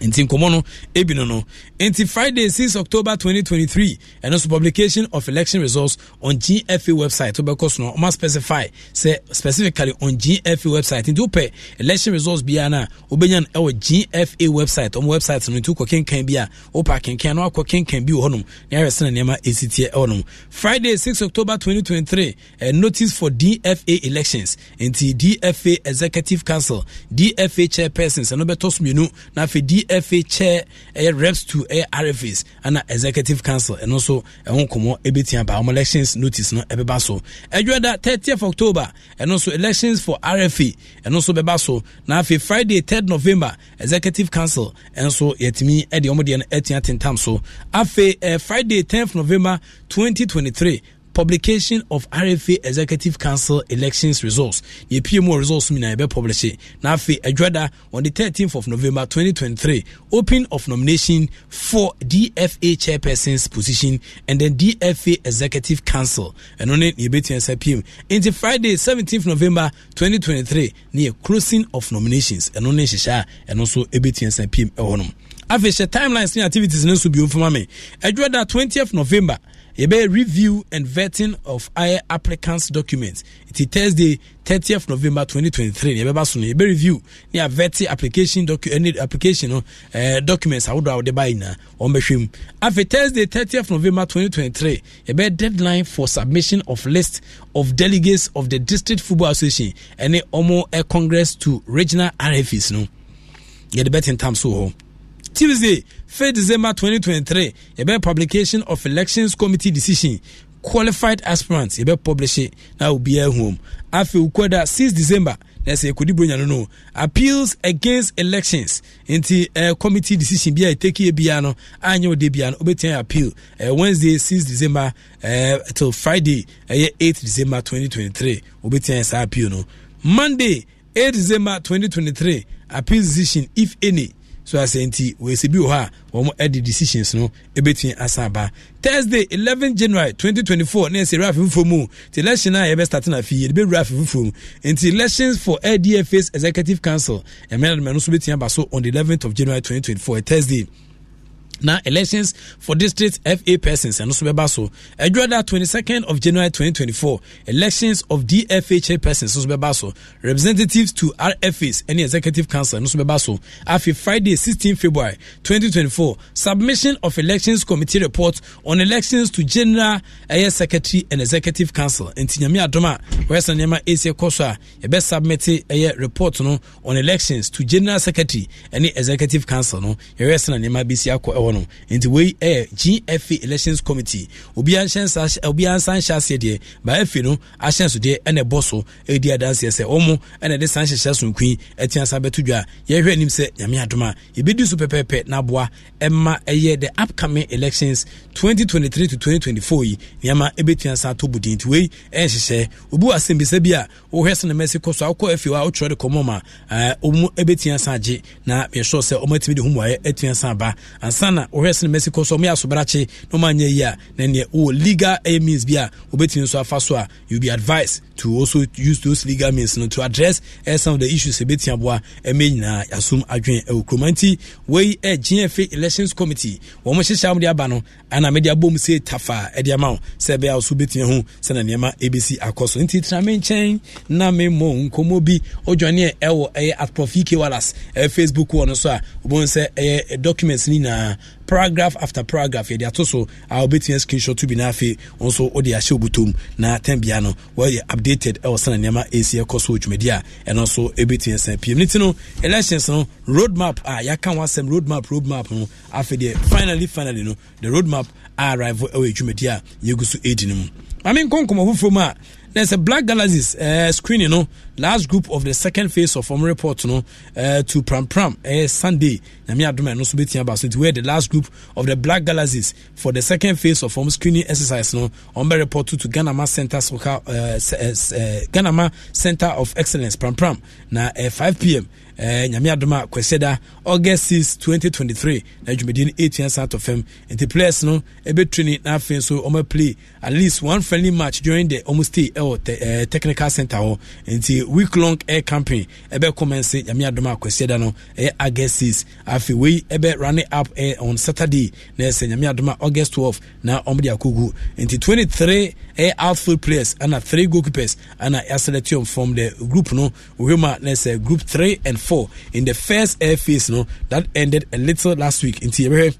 nti nkɔmɔ no ebi no no nti friday six october twenty twenty three ɛno so publication of election results on gfa e website to bɛkɔ so no ɔma specify sɛ specifically on gfa e website nti wopɛ election results biara no a ɛwɔ gfa e website ɔmo website no nti wokɔ kenkan bi a wopɛ akenkan no akɔ kenkan bi wɔ hɔnom na ayɛ sɛ na nneɛma ɛsi teɛ ɛwɔ nom friday six october twenty twenty three ɛ notice for dfa elections nti dfa executive council dfa chairpersons ɛno bɛtɔ so mmienu na afei D. PFA chair ɛyɛ eh, reps to ɛyɛ eh, RFAs ɛna executive council ɛno nso ɛho nkɔmɔ ɛbɛtia ba wɔn elections notice no ɛbɛba eh, so ɛdwada 30th October ɛno nso elections for RFA ɛno nso bɛba so na afei Friday 3rd November executive council ɛnso yɛtumi ɛde wɔn deɛ no ɛtia tentam so afei ɛɛ Friday 10th November 2023 publication of rfa executive council elections results The PMO results mu be published. na afei adwada on the 13th of november 2023 open of nomination for dfa chairperson's position and then dfa executive council ɛno ne yɛbɛtua nsa pie mu nti friday 17th november 2023 ne closing of nominations And on it, a ɛno nso ɛbɛtua nsa pie mu ɛhɔ timelines ne activities ne will be informed. me adwada 20th november yɛbɛyɛ review and vetting of I applicants documents nti thursday 30th twenty 2023 ne yɛbɛba so no yɛbɛ review ne avɛte application docu Any application no ɛɛ eh, documents ahodoɔ a wɔde ba nyinaa wɔn bɛhwɛ mu afei thursday November, twenty twenty three, yɛbɛ deadline for submission of list of delegates of the district football association ɛne wɔn ɛɛ congress to regional rfs no yɛde bɛ tentam so wɔ tuesday 5 December 2023, a publication of Elections Committee decision. Qualified aspirants, you publish it. Now will be at home. After 6 December, let's say, could you no appeals against elections into a eh, committee decision? Be I take a piano, annual day piano, obtain appeal eh, Wednesday, 6 December uh, till Friday, uh, 8 December 2023. Obtain appeal no Monday, 8 December 2023. Appeal decision, if any so asɛ nti wɔɛsɛ bi wɔ hɔ a wɔn ɛde decisions no ɛbɛtumi asan aba thursday eleven january twenty twenty four na ɛsɛ wura fufuo mu ti election a yɛbɛ start na fi yɛde bɛ wura fufuo mu nti elections for ldfa's executive council ɛmɛ na no so bɛtumi aba so on the eleventh of january twenty twenty four thursday na elections for district fa persons ɛno so bɛba so adwa da 22nd of january four elections of dfha persons nso bɛba so representatives to rfas ɛne executive council ɛno so bɛba so afei friday sixteen february twenty twenty four submission of elections committee report on elections to general ɛyɛ secretary and executive council nti nyame adom a wɔyɛ sɛ nneɛma ɛsi kɔ so a yɛbɛ submit ɛyɛ report no on elections to general secretary ɛne executive council no yɛwɛ sɛ na nneɛma bɛsi akɔ ɛwɔ hɔnom nti wei ɛyɛ gfa elections committee obiara nsan hyɛ aseɛ deɛ baa afe no ahyɛnsodeɛ ɛna ɛbɔ so ɛredi adanseɛ sɛ wɔn ɛna ɛde san hyehyɛ sonkun ɛtia san bɛto dwa a yɛhwɛ anim sɛ nyame adoma yɛbɛdi so pɛpɛɛpɛ n'aboa ɛma ɛyɛ the upcoming elections 2023 to 2024 yi nneɛma ɛbɛtua san to bu din nti wei ɛnhyehyɛ obi wɔ asɛmbisa bi a wohwɛ sɛ na mɛsi kɔ so akɔ afe hɔ a wotwerɛ de kɔmmɔ ma ɔmo ɛbɛtua san agye na yɛsɔ sɛ ɔmo atumi de ho mmuaeɛ atua san ghana wohwɛ sene mexico so ɔmoyɛ asobrakye na ɔmanyɛ yi a na neɛ wowɔ legal air means bi a wobɛtumi nso afa so a you'll be advised to also use those legal means you no, to address uh, some of the issues ɛbɛtumi aboa ɛmɛ eh, nyinaa yɛasom adwene ɛwɔ eh, kuroma nti wei ɛgyeɛfe elections committee wɔn mo hyehyɛ amode aba no ana mede abom sɛ tafa ɛde ama wo sɛ ɛbɛyɛ a so wobɛtumi ho sɛna nneɛma ɛbɛsi akɔ so nti tena me nkyɛn na memmɔ nkɔmmɔ bi ɔdwaneɛ ɛwɔ ɛyɛ atprofike e walas ɛyɛ facebook wɔ no so a wobɛhu sɛ ɛyɛ documents no nyinaa paragraph after paragraph yɛde ato so a wobɛtumi screenshot to bi na afei wo nso wode ahyɛ wobɔtɔ mu na tam bia no wɔyɛ updated ɛwɔ sana nneɛma ɛsi ɛkɔ so dwumadi a ɛno nso ɛbɛtumi sɛ pm ne ti no elections no road map a yɛaka ho asɛm road map road map no afei deɛ finally finally no the road map a arrive ɛwɔ dwumadi a yɛgu so ɛdi no mu mame nkɔnkɔmmɔ foforɔ mu a na sɛ black galaxies uh, screening no last group of the second phase of form report no uh, to pram pram uh, sunday nyame adoma ɛno nso bɛtia ba so nti where the last group of the black galaxies for the second phase of form screening exercise no ɔmbɛ report to to ghanama center soccer uh, eh, uh, ghanama center of excellence pram pram na uh, 5 pm eh, nyame adoma kwasida august 6 2023 na dwumadi no ɛtua sa atɔ fam nti players no ɛbɛtrini na afei nso ɔma play at least one friendly match during the ɔmo stay ɛwɔ technical center hɔ oh. nti week long air campaign ɛbɛ commence nyame adom akwasi da no ɛyɛ eh, august 6 afei wei ɛbɛ rane up eh, on saturday na ɛsɛ nyame adom a august 12 na ɔmde akogu nti 23 ɛyɛ outfield players ana three goalkeepers ana ɛaselɛtium from the group no wohwɛ na ɛsɛ group Three and Four, in the first air phase no that ended a little last week nti yɛbɛhwɛ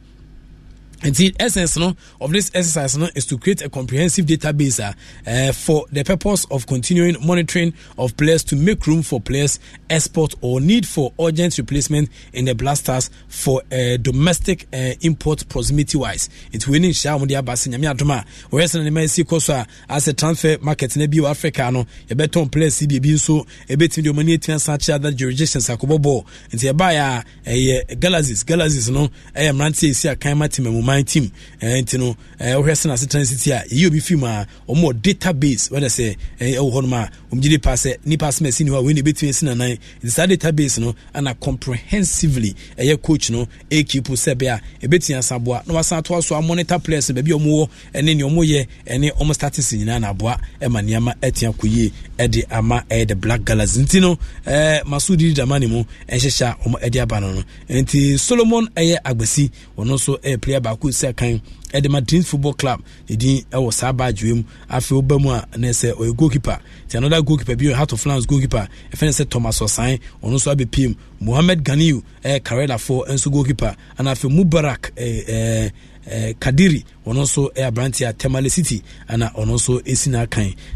And essence no, of this exercise no, is to create a comprehensive database uh, eh, for the purpose of continuing monitoring of players to make room for players export or need for urgent replacement in the blasters for uh, domestic uh, import proximity wise. It will in Shamudi Abasi Nyamia Duma, whereas in the Messi Kosa as a transfer market in the Africa, no, a better on players CBB so a bit in the money to such other jurisdictions. Akobo, and the buyer, a Galazis, Galazis, no, I am a see a Kaima Timamu ɔman team eh, nti no eh, wohwɛ sena asetena city a ɛyi obi fim a ɔma database wɛdɛ sɛ eh, ɛwɔ hɔ nom a ɔmgye de pa sɛ nipa asɛm asi ne hɔ a wei ne ɛbɛtumi asi nanan nti saa database no ana comprehensively ɛyɛ coach no ɛkipo sɛ bɛ a ɛbɛtumi asa boa na wasan atoa so a monitor players no baabi a ɔmowɔ ɛne nea ɔmoyɛ ɛne ɔmo status nyinaa na aboa ɛma nneɛma ɛtea kɔ yie ɛde ama ɛyɛ the black galas nti no ɛɛ maso didi dama ne mu ɛhyehyɛ a ɔmo ɛde aba no no nti solomon ɛyɛ Agbesi, ɔno nso ɛyɛ player baako baako sɛ kan ɛde ma football club ne din ɛwɔ saa baadwe mu afei ɔba mu a ne sɛ ɔyɛ goalkeeper ti another goalkeeper bi yɛ heart of france goalkeeper ɛfɛ ne sɛ thomas ɔsan ɔno nso abɛpiem mohammed ganiu ɛyɛ karela fo nso goalkeeper ana afei mubarak ɛɛ ɛɛ. Eh, kadiri ɔno nso yɛ eh, aberanteɛ a temale city ana ɔno nso ɛsi no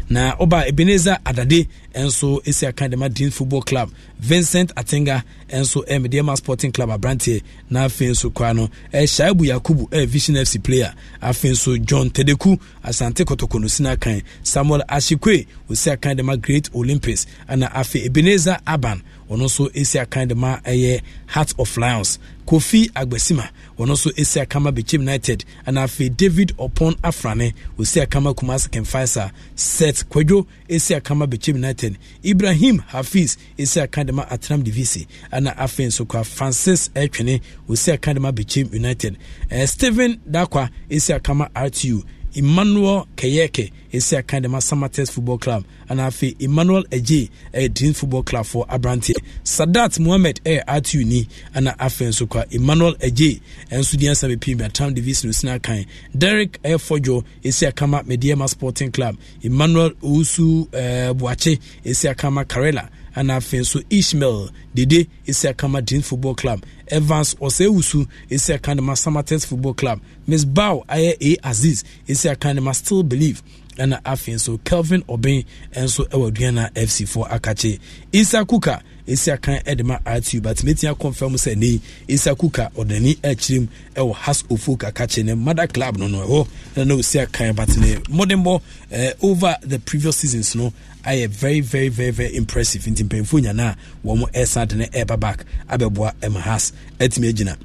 na ɔba ebeneza adade nso ɛsi akan dema dean football club vincent atenga nso eh, mdeɛma sporting club aberanteɛ na afei nso kwa no shaibu yakubu ɛyɛ vision fc player afei nso john tedeku asante kotoko no si no samuel ashikwe ɔsi akan dema great olympics ana afei ebeneza aban ɔno nso ɛsi akan de ma ɛyɛ heart of lions kofi Agbesima. ɔno nso ɛsi akama bɛkyɛ united ana afei david Opon afrane ɔsi akama kumase kemfaisa Seth kwadwo ɛsi akama bɛkyɛ united ibrahim hafiz ɛsi akan de ma atram divisi ana afei nso francis ɛtwene ɔsi akan de ma bɛkyɛ united ɛɛ eh, stephen dakwa ɛsi akama rtu emmanuel kɛyɛkɛ ɛsi aka dɛm asamates football club ana afei emmanuel agye ɛyɛ dream football club for aberanteɛ sadat mohammed ɛyɛ atiuni ana afei nso kwa emmanuel agye ɛnso di ansa bɛpii batam division osina kan derek ɛyɛ fɔdwo ɛsi aka ma mediema sporting club emmanuel owusu ɛɛ eh, buakye ɛsi aka karela ana afei nso ishmael dede ɛsi aka ma dream football club evans ɔsɛwusu ɛsi aka ne ma samatex football club miss bow ayɛ a aziz ɛsi aka ne ma still believe ɛna afei nso kelvin ɔbɛn nso ɛwɔ aduana fc foɔ akakye isa kuka ɛsi aka ɛde ma rtu but mɛtia confirm sɛ ne isa kuka ɔdani akyirim ɛwɔ has ofok akakye ne mother club no no ɛhɔ ɛna na ɔsi aka but ne mmɔdenbɔ eh, over the previous seasons no ayɛ very very very very impressive nti mpanyinfoɔ nyinaa wɔn ɛsan de no ɛreba back abɛboa ɛma has ɛtumi agyina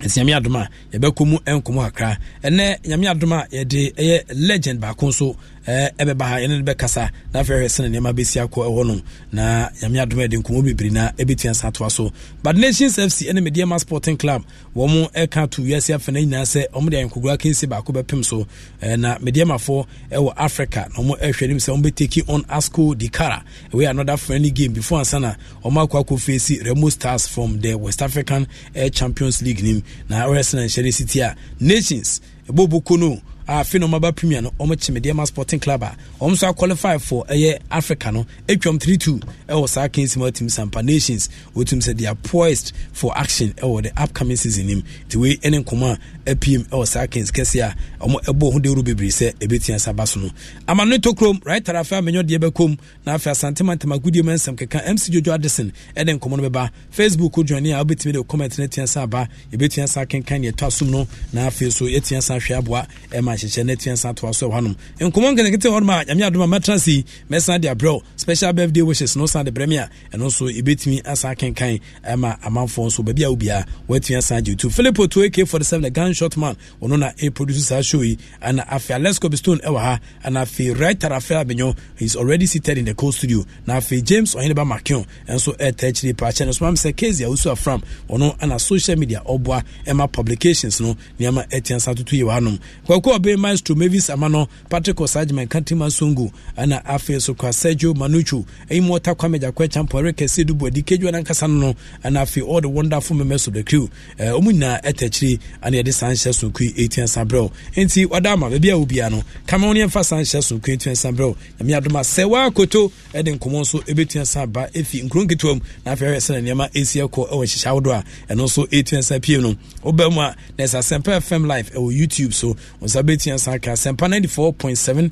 ɛsɛ nyame adom a yɛbɛkɔ mu nkɔmmɔ kakra ɛnɛ nyame adom a yɛde ɛyɛ legend baako nso ɛbɛba eh, ha ɛne no bɛkasa na afei hwɛ sɛne nneɛma bɛsi akɔ ɛwɔ nom na nyame adom ɛde nkɔmmɔ bebree na ɛbɛtua nsa atoa so but nations fc ɛne medeɛma sporting club wɔ mo ɛka to wiase afa no nyinaa sɛ ɔmde ayɛnkogora kensi baako bɛpem so eh, na medeɛmafoɔ ɛwɔ africa na ɔmo ɛhwɛ nim sɛ ɔmbɛtaki on asco di cara ɛwɛ another friendly game before ansa na ɔmo akɔ akɔ fesi remo stars from the west african champions league nim na ɔyɛ sɛ na nhyɛre si ti a nations ɛbɔbɔko no afe na ɔmaba premier no ɔmo kye medeɛma sporting club a ɔmo nso aqualify for ɛyɛ africa no atwam 3-2 ɛwɔ saa kensima tim sampa nations wɔtum sɛ they are poised for action ɛwɔ the upcoming season nim nti wei ɛne nkɔmɔ a apm ɛwɔ saa kens kɛse a ɔmo ɛbɔ ho dewuro bebree sɛ ɛbɛtua sa ba so no amano to kurom right tarafe amenyɔ deɛ bɛkɔm na afei asantemantem agudie mu nsɛm keka mc jojo addison ɛde nkɔmɔ no bɛba facebook ojuani a wobɛtumi de comment na atua sa aba yɛbɛtua sa kenkan deɛ ɛtɔ asom no na afei so yɛtua sa hwɛ aboa ɛma ahyehyɛ na atua nsa toa so nkɔmɔ nketenkete hɔ a nyame adom a mɛtena mɛsan de abrɛw special birthday wishes no san de brɛ me a ɛno nso ɛbɛtumi asa kenkan ma amanfoɔ nso baabi a wobiaa woatumi asan gye wotu philip otuo ak 47 the gun shot man ɔno na ɛproduce saa show yi ana afei alescob stone ɛwɔ ha ana afei right tarafe abenyo is already seated in the co studio na afei james ɔheneba makeo ɛnso ɛta akyiri pa no so sɛ kase a wosu afram ɔno ana social media ɔboa ɛma publications no nneɛma ɛtia toto yɛ wɔ hanom kwakuo afei maestro mavis ama no patrick osagyeman kantima songo ɛna afei nso kwa sergio manucho ɛyi mu ɔta kwame gyakɔ akyampɔ ɛrɛ kɛse dubu adi kedwa nankasa no no ɛna afei all the wonderful members of the crew ɛɛ wɔn nyinaa ɛtɛ akyiri ɛna yɛde san hyɛ sonko yi eighteen san brɛw nti ɔda ama beebi a wo bia no kamɛn ne yɛmfa san hyɛ sonko yi eighteen san brɛw nyame adoma sɛ waa koto ɛde nkɔmɔ nso ebetua san ba efi nkuro nketewa mu na afei ɛyɛ sɛ na nneɛma esi ɛkɔ ɛwɔ nhyehyɛ ahodoɔ a ɛno nso eighteen san pm no ɔbɛn mu a na ɛsɛ asɛmpa fm live ɛwɔ youtube so nsa sɛmpa 94.7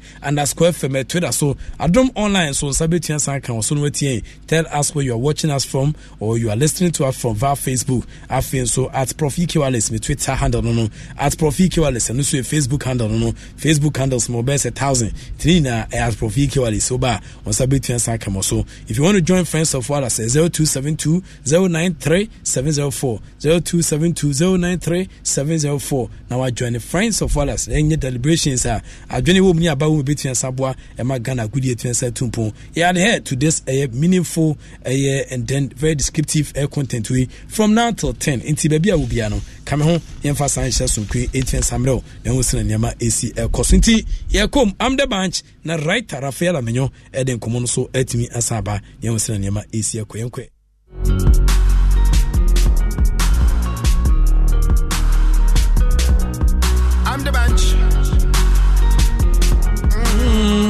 fm at twitter so adom online so wɔ so no tell us where you are watching us from or you are listening to us from via facebook afei nso at prof me twitter handle no no at prof ɛno yɛ facebook handle no no facebook handles sɛ thousand tini at prof so if you want to join friends of Wallace, sɛ 0272 now join the friends of others. nyɛ deliberations a adwene wɔ mu ne aba wɔ mu bɛtua nsa boa ɛma ghana agudie tua nsa to mpɔn yɛ hɛ to this ɛyɛ meaningful ɛyɛ and then very descriptive ɛyɛ content wei from now till ten nti baabi a wɔ bia no kame ho yɛmfa saa nhyɛ sonkwe ɛtua nsa mmerɛw na ɛho sena nneɛma ɛsi ɛkɔ so nti yɛkɔm the banch na right rafael amenyo ɛde nkɔmmɔ no so atumi asa aba na ɛho sena nneɛma ɛsi ɛkɔ yɛnkɔɛ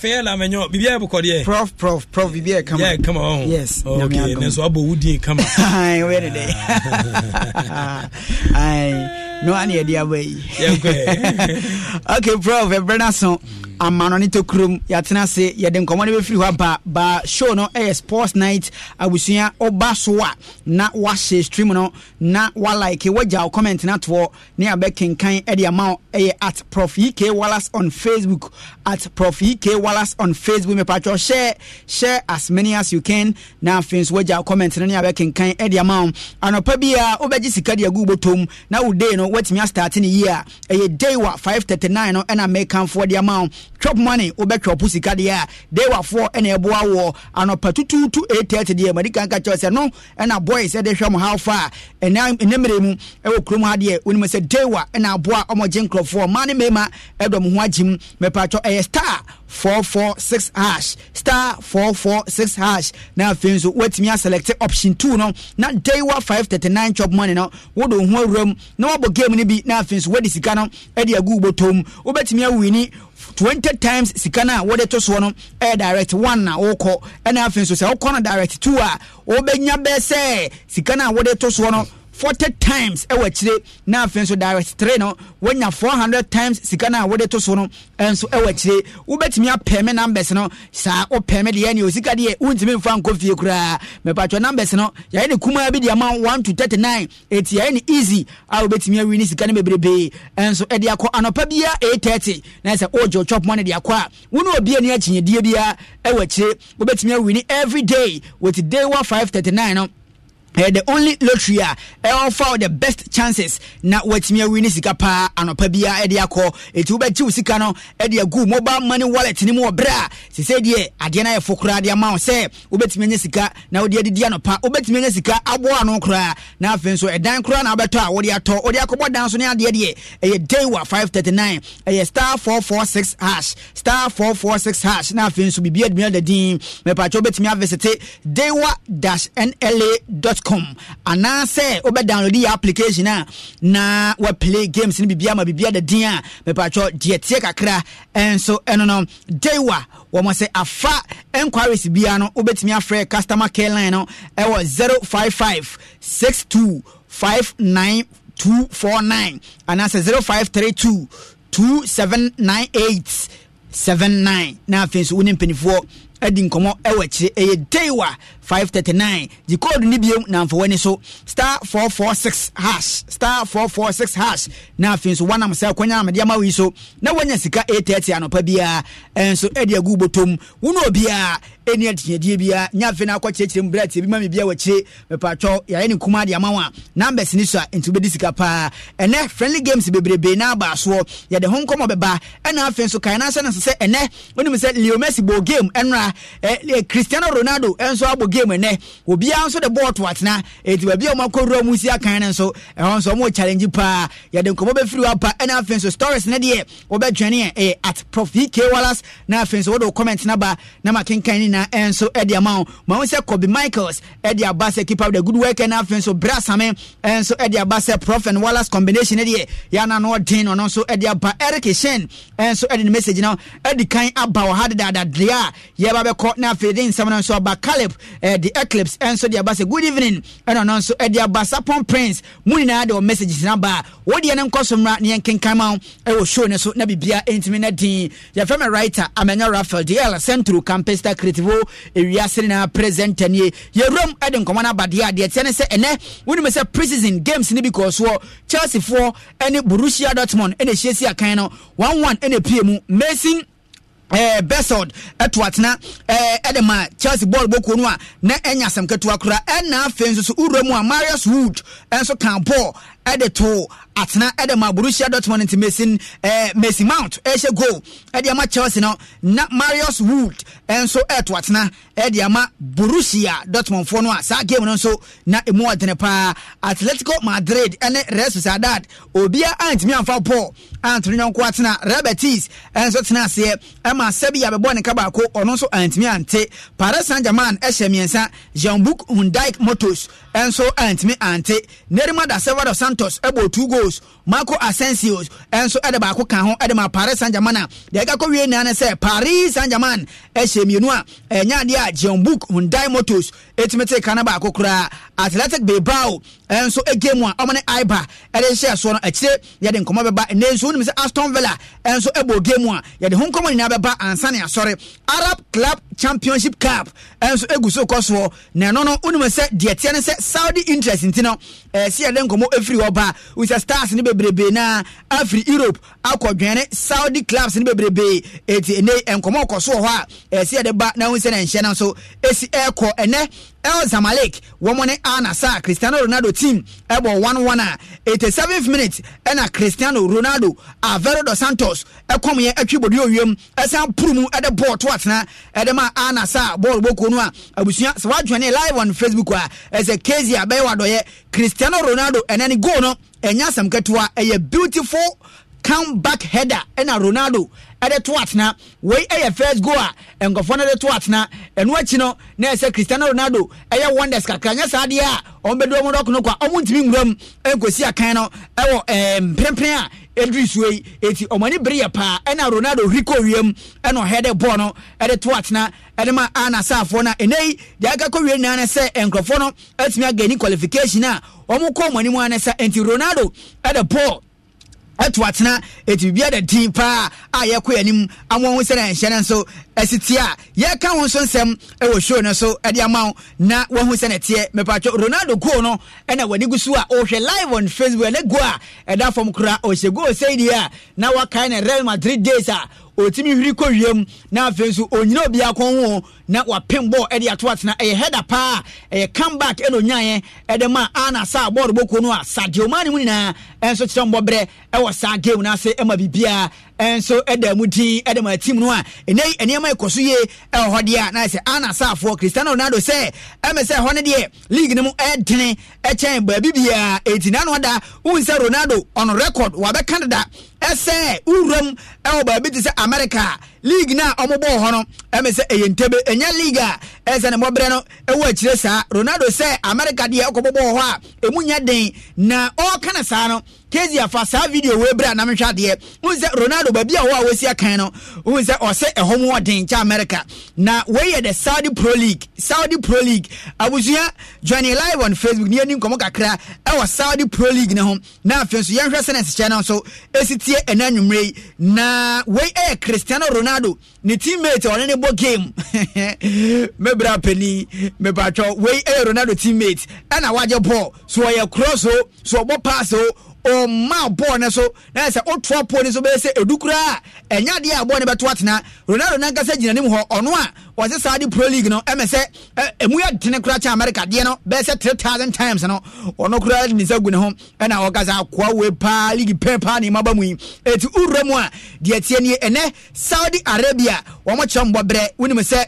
afei na mɛnyɛ biribiaa bɛkɔ deɛ prof prof prof biribiaa kama yeah, kama ɔho yes okay ne so abɔ wo din kama wɛ ne dɛ no ane yɛde aba yi okay prof ɛbrɛ no so amano ne tokurom yɛatena ase yɛde nkɔmmɔ no bɛfiri hɔ aba ba show no ɛyɛ sports night abusua ɔba so a na wahyɛ stream no na walike wagya wo comment no atoɔ ne abɛkenkan ɛde ama wo ɛyɛ at prof ek wallace on facebook at prof ek wallace on facebook mepatwɛ share share as many as you can na afei nso wagya wo comment no ne abɛkenkan ɛde ama wo anɔpa bi a wobɛgye sika de agu wobɔtom na wo day no woatumi astarte ne yie a ɛyɛ day wa 539 no ɛna mekamfoɔ de ama wo chop money wobɛtwɔpo sika deɛ a dewafoɔ ɛna ɛboa wɔ anɔpa tututu 830 deɛ madi kan ka kyerɛ sɛ no ɛna boys ɛde hwɛ mo how far ɛnɛ mmerɛ mu ɛwɔ kurom ha deɛ wonim sɛ dewa ɛna aboa ɔmɔgye nkurɔfoɔ ma ne mmarima ɛdɔ mo ho agye mu mɛpatwɔ ɛyɛ star 446 hash star 446 hash na afei nso woatumi aselect option 2 no na dewa 539 chop money no wode wo ho awuram na wabɔ game no bi na afei nso woadi sika no ɛde agu botom wobɛtumi awini twenty times sika na a wɔde to soɔ no ɛyɛ direct one na wokɔ ɛna afei nso sɛ wokɔ no direct two a wobɛnya bɛɛ sika na a wɔde to soɔ no Forty times ɛwɔ akyire na afei nso direct 3 no four hundred times sika no a wode to so no nso ɛwɔ akyire wobɛtumi apɛme numbers no saa wopɛme deɛ ne osika deɛ wontumi mfa nkɔ fie koraa mepatwɛ numbers no yɛyɛ ne kumaa bi de ama 1 to 39 ɛti yɛyɛ ne easy a wobɛtumi awi ne sika no bebrebee ɛnso ɛde akɔ anɔpa biaa 830 na sɛ wogye oh, wotwɔp mɔ no de akɔ a wo ne obia ne akyinyedeɛ biaa ɛwɔ akyire wobɛtumi awi ne every day wɔti day wa 539 no uh, the only lottery a uh, eh, offer the best chances na watumi awi ne sika paa anɔpa biara ɛde eh, akɔ ɛti wobɛgye wo sika no ɛde agu mobile money wallet no mu wɔ berɛ a sesɛ deɛ adeɛ no ayɛfo koraa de ama wo sɛ wobɛtumi anya sika na wode adedi anɔpa wobɛtumi anya sika aboa ano koraa na afei nso ɛdan koraa na ah, wobɛtɔ a wode atɔ wode akɔbɔ dan so ne adeɛ deɛ ɛyɛ deiwa 539 ɛyɛ star 446 hash star 446 hash na afei nso biribia adumina da din mɛpakyɛ wobɛtumi avisite dash nla dot games.com anaasɛ wobɛ download yɛ application a na wɔplay games no biribia ma biribia da din a mepatwɔ deɛ tie kakra ɛnso ɛno no deiwa wɔmɔ sɛ afa enquiries bia no wobɛtumi afrɛ customer care line no ɛwɔ 055 62 59249 anaasɛ 0532 2798 79 na afei nso wo ne mpanimfoɔ adi nkɔmmɔ ɛwɔ akyire ɛyɛ deiwa 539 gye code no biom na mfa w'ani so star 446 hash star 446 hash na afei nso wanam sɛ akwanya amade ama wei so na wanya sika 830 anɔpa biara ɛnso eh, ɛde agu bɔtom wo ne obiara ɛni atinyadie biara nya afei no akɔkyerɛkyerɛ mu berɛ atie bi ma mebia wakyire mepatwɔ yɛayɛ ne kuma de ama wo a numbers ni so a nti wobɛdi sika paa ɛnɛ friendly games bebrebee na aba soɔ yɛde ho nkɔmmɔ bɛba ɛna afei nso kae na sɛ no sɛ sɛ ɛnɛ wonim leo messi bo game ɛnora eh, cristiano ronaldo ɛnso abɔ game nnɛ obiara nso the bɔɔl to atena eti baabi a wɔn akɔ wura mu si akan ne nso ɛhɔ so wɔn challenge paa yɛde nkɔmɔ bɛfiri wa pa ɛna and nso stories ne be wɔbɛdwene eh at prof vk wallace na afei nso wɔde o comment naba na ma kenkan ne na ɛnso ɛde ama wɔn ma wɔn kobe michaels ɛde aba keep up the good work and afei nso brasame ɛnso ɛde aba sɛ prof and wallace combination ne ya na no ɔden no so ɛde aba eric shen ɛnso ɛde ne message na ɛde kan aba wɔ da da a yɛba bɛkɔ na afei de nsɛm no nso aba caleb uh, the Eclipse ɛnso eh, de aba sɛ good evening ɛna eh, ɔno nso ɛde aba sapon prince mu nyinaa de wɔ messages na ba a wodeɛ no nkɔ so mmra ne yɛnkenkan ma ɛwɔ show no so na biribia ɛntumi no din yɛfrɛ me writer amanya rafael dl centro campesta creativo ewiase no presenter nie yɛwuram ɛde nkɔmmɔ no abadeɛ adeɛ teɛ ne sɛ ɛnɛ wonim sɛ preseason games no bi kɔɔ soɔ chelseafoɔ ne borussia dortmund ɛna ɛhyiasi akan no 1-1 ɛna pie mu mason Eh, besod ɛto eh, atena ɛde eh, ma chelsea bɔɔl bɔkuo no a na ɛnya asɛm ketewa koraa ɛna afei nso so wura mu a marius wood nso kan bɔɔl ɛde too atena ɛde ma borussia dortmund nti mesin ɛɛ mesin mount ɛhyɛ goal ɛde ama chelsea no na marius wood ɛnso ɛto atena ɛde ama borussia dortmund foɔ no a saa game no nso na emu ɔdene paa atletico madrid ɛne real sociedad obia antumi anfa ball antoni nyɔnko atena rebetis ɛnso tena aseɛ ɛma sɛbi abɛbɔ ne ka baako ɔno nso antumi ante paris saint germain ɛhyɛ mmiɛnsa jean-luc hundaik motos nso antimi ante nerima da severo santos ɛbɔ two goals marco asensio nso ɛde baako ka ho ɛde ma paris saint germain a deɛ ɛka kɔwie nea ne sɛ paris saint germain ɛhyɛ mmienu a ɛnya adeɛ a jean book hyundai motors ɛtumi te ka no baako koraa athletic bilbao nso ɛgye mu a ɔmo ne aiba ɛde hyɛ soɔ no akyire yɛde nkɔmɔ bɛba ɛnɛ nso wonim sɛ aston villa nso ɛbɔ game mu a yɛde ho nkɔmɔ nyinaa bɛba ansa ne asɔre arab club championship cup nso ɛgu so kɔ soɔ na ɛno no wonim sɛ deɛ teɛ ne sɛ saudi interest nti no ɛsi eh, yɛde nkɔmɔ efiri hɔ ba wusa stars ne bebrebe na afiri europe akɔ dwene saudi clubs ne bebrebe eti ene nkɔmɔ kɔ so wɔ hɔ a ɛsi eh, yɛde ba na wusa na nhyɛn na nso esi ɛkɔ ɛnɛ El Zamalek wɔn ne saa Cristiano Ronaldo team ɛbɔ one one a eighty seventh minute ɛna Cristiano Ronaldo Alvaro dos Santos ɛkɔm yɛ ɛtwi bɔdi owiam ɛsan puru mu ɛde bɔɔl to atena ɛde ma anasa bɔɔl bɔ kuro no a abusua sɛ wadwene live on Facebook a ɛsɛ kezi abɛyɛ wadɔyɛ Cristiano Ronaldo ɛnɛ ne goal no ɛnya asɛm ketewa ɛyɛ beautiful come back header ɛna ronaldo ɛde to atena wei ɛyɛ first goal a nkɔfoɔ no de to atena ɛno akyi no na ɛsɛ cristiano ronaldo ɛyɛ wonders kakra nyɛ saa deɛ a ɔmo bɛdu ɔmo dɔkono kɔ a ɔmo ntumi nwura mu ɛnkosi akan no ɛwɔ ɛɛ mprempren a ɛdiri so yi eti ɔmo ani bere yɛ paa ɛna ronaldo huri kɔ wiem ɛna ɔhɛde bɔɔl no ɛde to atena ɛde ma ana saafoɔ na ɛnɛ yi deɛ aka kɔ wiem nyinaa no sɛ nkɔfoɔ no ɛtumi aga ni qualification a ɔmo kɔ ɔmo anim ano sɛ nti ronaldo ɛde bɔɔl ɛto atena ɛti biribiara da din paa a yɛkɔ anim amu ho sɛ na ɛnhyɛ no nso ɛsiti a yɛka ho nso nsɛm ɛwɔ show no so ɛde ama wo na woahu sɛ nɛteɛ mepatwɛ ronaldo goal no ɛna w'ani gu so a ɔhwɛ live on facebook ɛne go a ɛda fam koraa ɔhyɛ goal sɛi deɛ a na wakae ne real madrid days a ɔtumi hwiri kɔ wiem na afei nso ɔnyina obi akɔn ho na wapem bɔɔl ɛde ato atena ɛyɛ header paa ɛyɛ comeback ɛna onyaeɛ ɛde ma ana saa bɔɔl bɔkuo no a sadeɛ ɔmaa ne mu nyinaa ɛnso kyerɛ mbɔbrɛ ɛwɔ saa game no ase ɛma biribiaa ɛnso ɛda mu din ɛde ma team no a ɛnɛ nneɛma ɛkɔ so yie ɛwɔ hɔ deɛ a na sɛ ana saafoɔ cristiano ronaldo sɛ ɛmɛ sɛ ɛhɔ no deɛ league no mu ɛdene ɛkyɛn baabi biara ɛti na da wohu sɛ ronaldo ɔno record wabɛka deda sɛ wuram ɛwɔ baabi te sɛ america league na ɔmo bɔɔ hɔ no ɛmɛ sɛ ɛyɛ ntɛbe ɛnyɛ league a ɛsɛ ne mɔbrɛ no ɛwɔ akyire saa ronaldo sɛ america deɛ ɔkɔ bɔbɔɔ hɔ a ɛmu nyɛ den na ɔɔka no saa no kezi afa saa video wei bere a hwɛ adeɛ wohu sɛ ronaldo baabi a wɔ a wɔsi akan no wohu sɛ ɔsɛ ɛhɔ mu ɔden kyɛ america na wei yɛ the saudi pro league saudi pro league abusua johnny live on facebook ne yɛni nkɔmmɔ kakra ɛwɔ saudi pro league ne ho na afei nso yɛnhwɛ sɛ ne nsekyɛ no nso ɛsi tie ɛna anwummerɛ yi na wei ɛyɛ cristiano ronaldo ronaldo ne teammate ɔne ne bɔ game mebra pani mepatwɔ wei ɛyɛ ronaldo teammate ɛna wagye bɔɔl so ɔyɛ korɔ so so ɔbɔ pass o ɔma bɔɔl no so na sɛ wotoa poɔ no so bɛyɛ sɛ ɛdu koraa a ɛnya deɛ a bɔɔl no bɛto atena ronaldo no ankasa gyina nim hɔ ɔno a wɔse saa de pro league no ɛmɛ sɛ ɛmu yɛ dene koraa kyɛ america deɛ no bɛyɛ sɛ 3000 times no ɔno koraa ne nsa gu ne ho ɛna ɔka sɛ akoa wei paa league pɛ paa ne maba mu yi ɛti wowura mu a deɛ tie nie ɛnɛ saudi arabia wɔmo kyerɛ mbɔberɛ wonim sɛ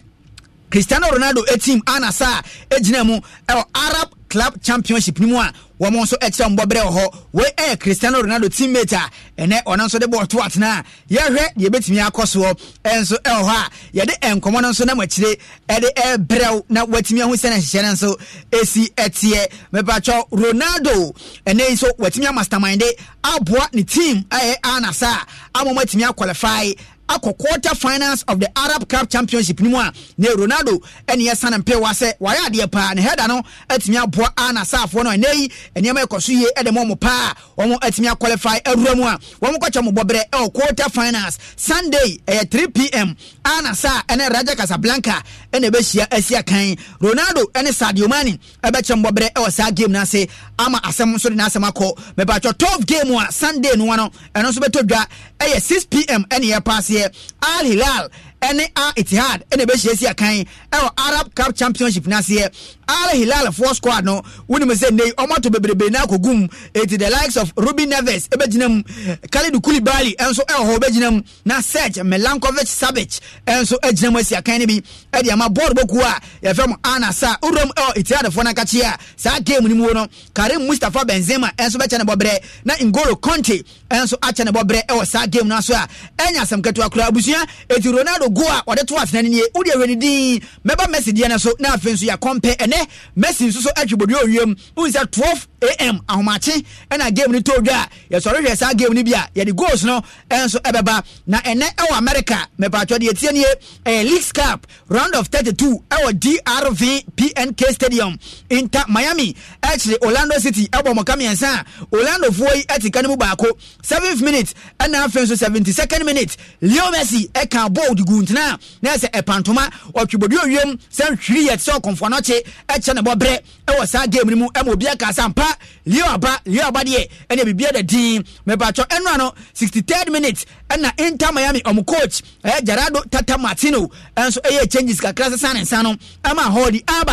cristiano ronaldo team anasa a ɛgyina mu ɛwɔ arab club championship no mu a wɔn nso kyerɛ mbɔ berɛ wɔ hɔ wei ɛyɛ cristiano ronaldo teammate a ɛnɛ ɔno nso de bɔɔl to atena a yɛhwɛ deɛ ɛbɛtumi akɔ soɔ ɛnso ɛwɔ hɔ a yɛde nkɔmmɔ no nso na makyire ɛde ɛbrɛw na watumi ahu sɛ no no nso ɛsi ɛteɛ mepatwɛ ronaldo ɛnɛ yi nso watumi amastermind de aboa ne team ɛyɛ anasa a ama matumi aqualify akɔ quarter finals of the arab cup championship no mu a na ronaldo ɛne yɛsane mpewa sɛ wayɛ adeɛ paa ne heda no atumi aboa a nasaafoɔ no ɛnɛ yi nneɛma ɛkɔ so yie ɛde ma ɔmo paa ɔmo atumi awura mu a wɔn kɔkyɛ mo ɛwɔ quarter finals sunday ɛyɛ 3 pm anasa ɛne raja casablanca ɛna ɛbɛhyia asia eh, kan ronaldo ɛne sadio mani ɛbɛkyɛ eh, mbɔberɛ ɛwɔ eh, saa game no ama asɛm nso de n'asɛm akɔ mɛbatwɛ twelve game a sunday no wa no ɛno nso bɛtɔ dwa ɛyɛ 6 pm ɛne yɛpaaseɛ al hilal ɛne a itihad ɛna ɛbɛhyia asia kan ɛwɔ arab cup championship no aseɛ ala hilal four squad no wonim sɛ nnei ɔmato bebrebe na akɔgu mu ɛti the likes of ruby neves ɛbɛgyina mu khalid kulibali ɛnso ɛwɔ hɔ bɛgyina mu na serge melankovic sabic ɛnso agyina mu asiakan no bi ɛde ama bɔɔd bɔkuo a yɛfrɛ mo anasa worom ɛwɔ ɛtiadefoɔ no akakye a saa game no mu no karim mustafa benzema ɛnso bɛkyɛ ne bɔberɛ na ingolo conte ɛnso akyɛ ne bɔberɛ ɛwɔ saa game no so a eh, ɛnya asɛm ketewa koraa abusua ɛti ronaldo go a ɔde to atena no nie wode awɛnidin mɛba messi deɛ no so na afei nso yɛakɔmpɛ ɛnɛ ɛnɛ messi nso so atwi bodua owiem wohu sɛ 12 am ahomakye ɛna game no tɔ dwa a yɛsɔre hwɛ saa game no bi a yɛde goals no nso ɛbɛba na ɛnɛ ɛwɔ america mɛpaatwɔ deɛ ɛtie nie ɛyɛ leagues cup round of 32 ɛwɔ drv pnk stadium inter miami ɛkyere orlando city ɛbɔ mɔka mmiɛnsa a orlandofoɔ yi ɛtika no mu baako 7th minute ɛna afei nso 72nd minute leo messi ɛka ball de gu ntena na ɛsɛ ɛpantoma ɔtwebɔdi owiem sɛ nhwiri yɛ te sɛ ɔkɔmfoa no kye ɛkyɛ ne bɔberɛ ɛwɔ saa game no mu ɛma obi aka sa mpa aba leo aba leo aba deɛ ɛna biribi da din mɛbatɔ ɛnura no sixty third minute ɛna inter miami ɔmo coach ɛyɛ gerardo tata martino ɛnso ɛyɛ changes kakra sisan ne nsa no ɛma hɔɔdi aba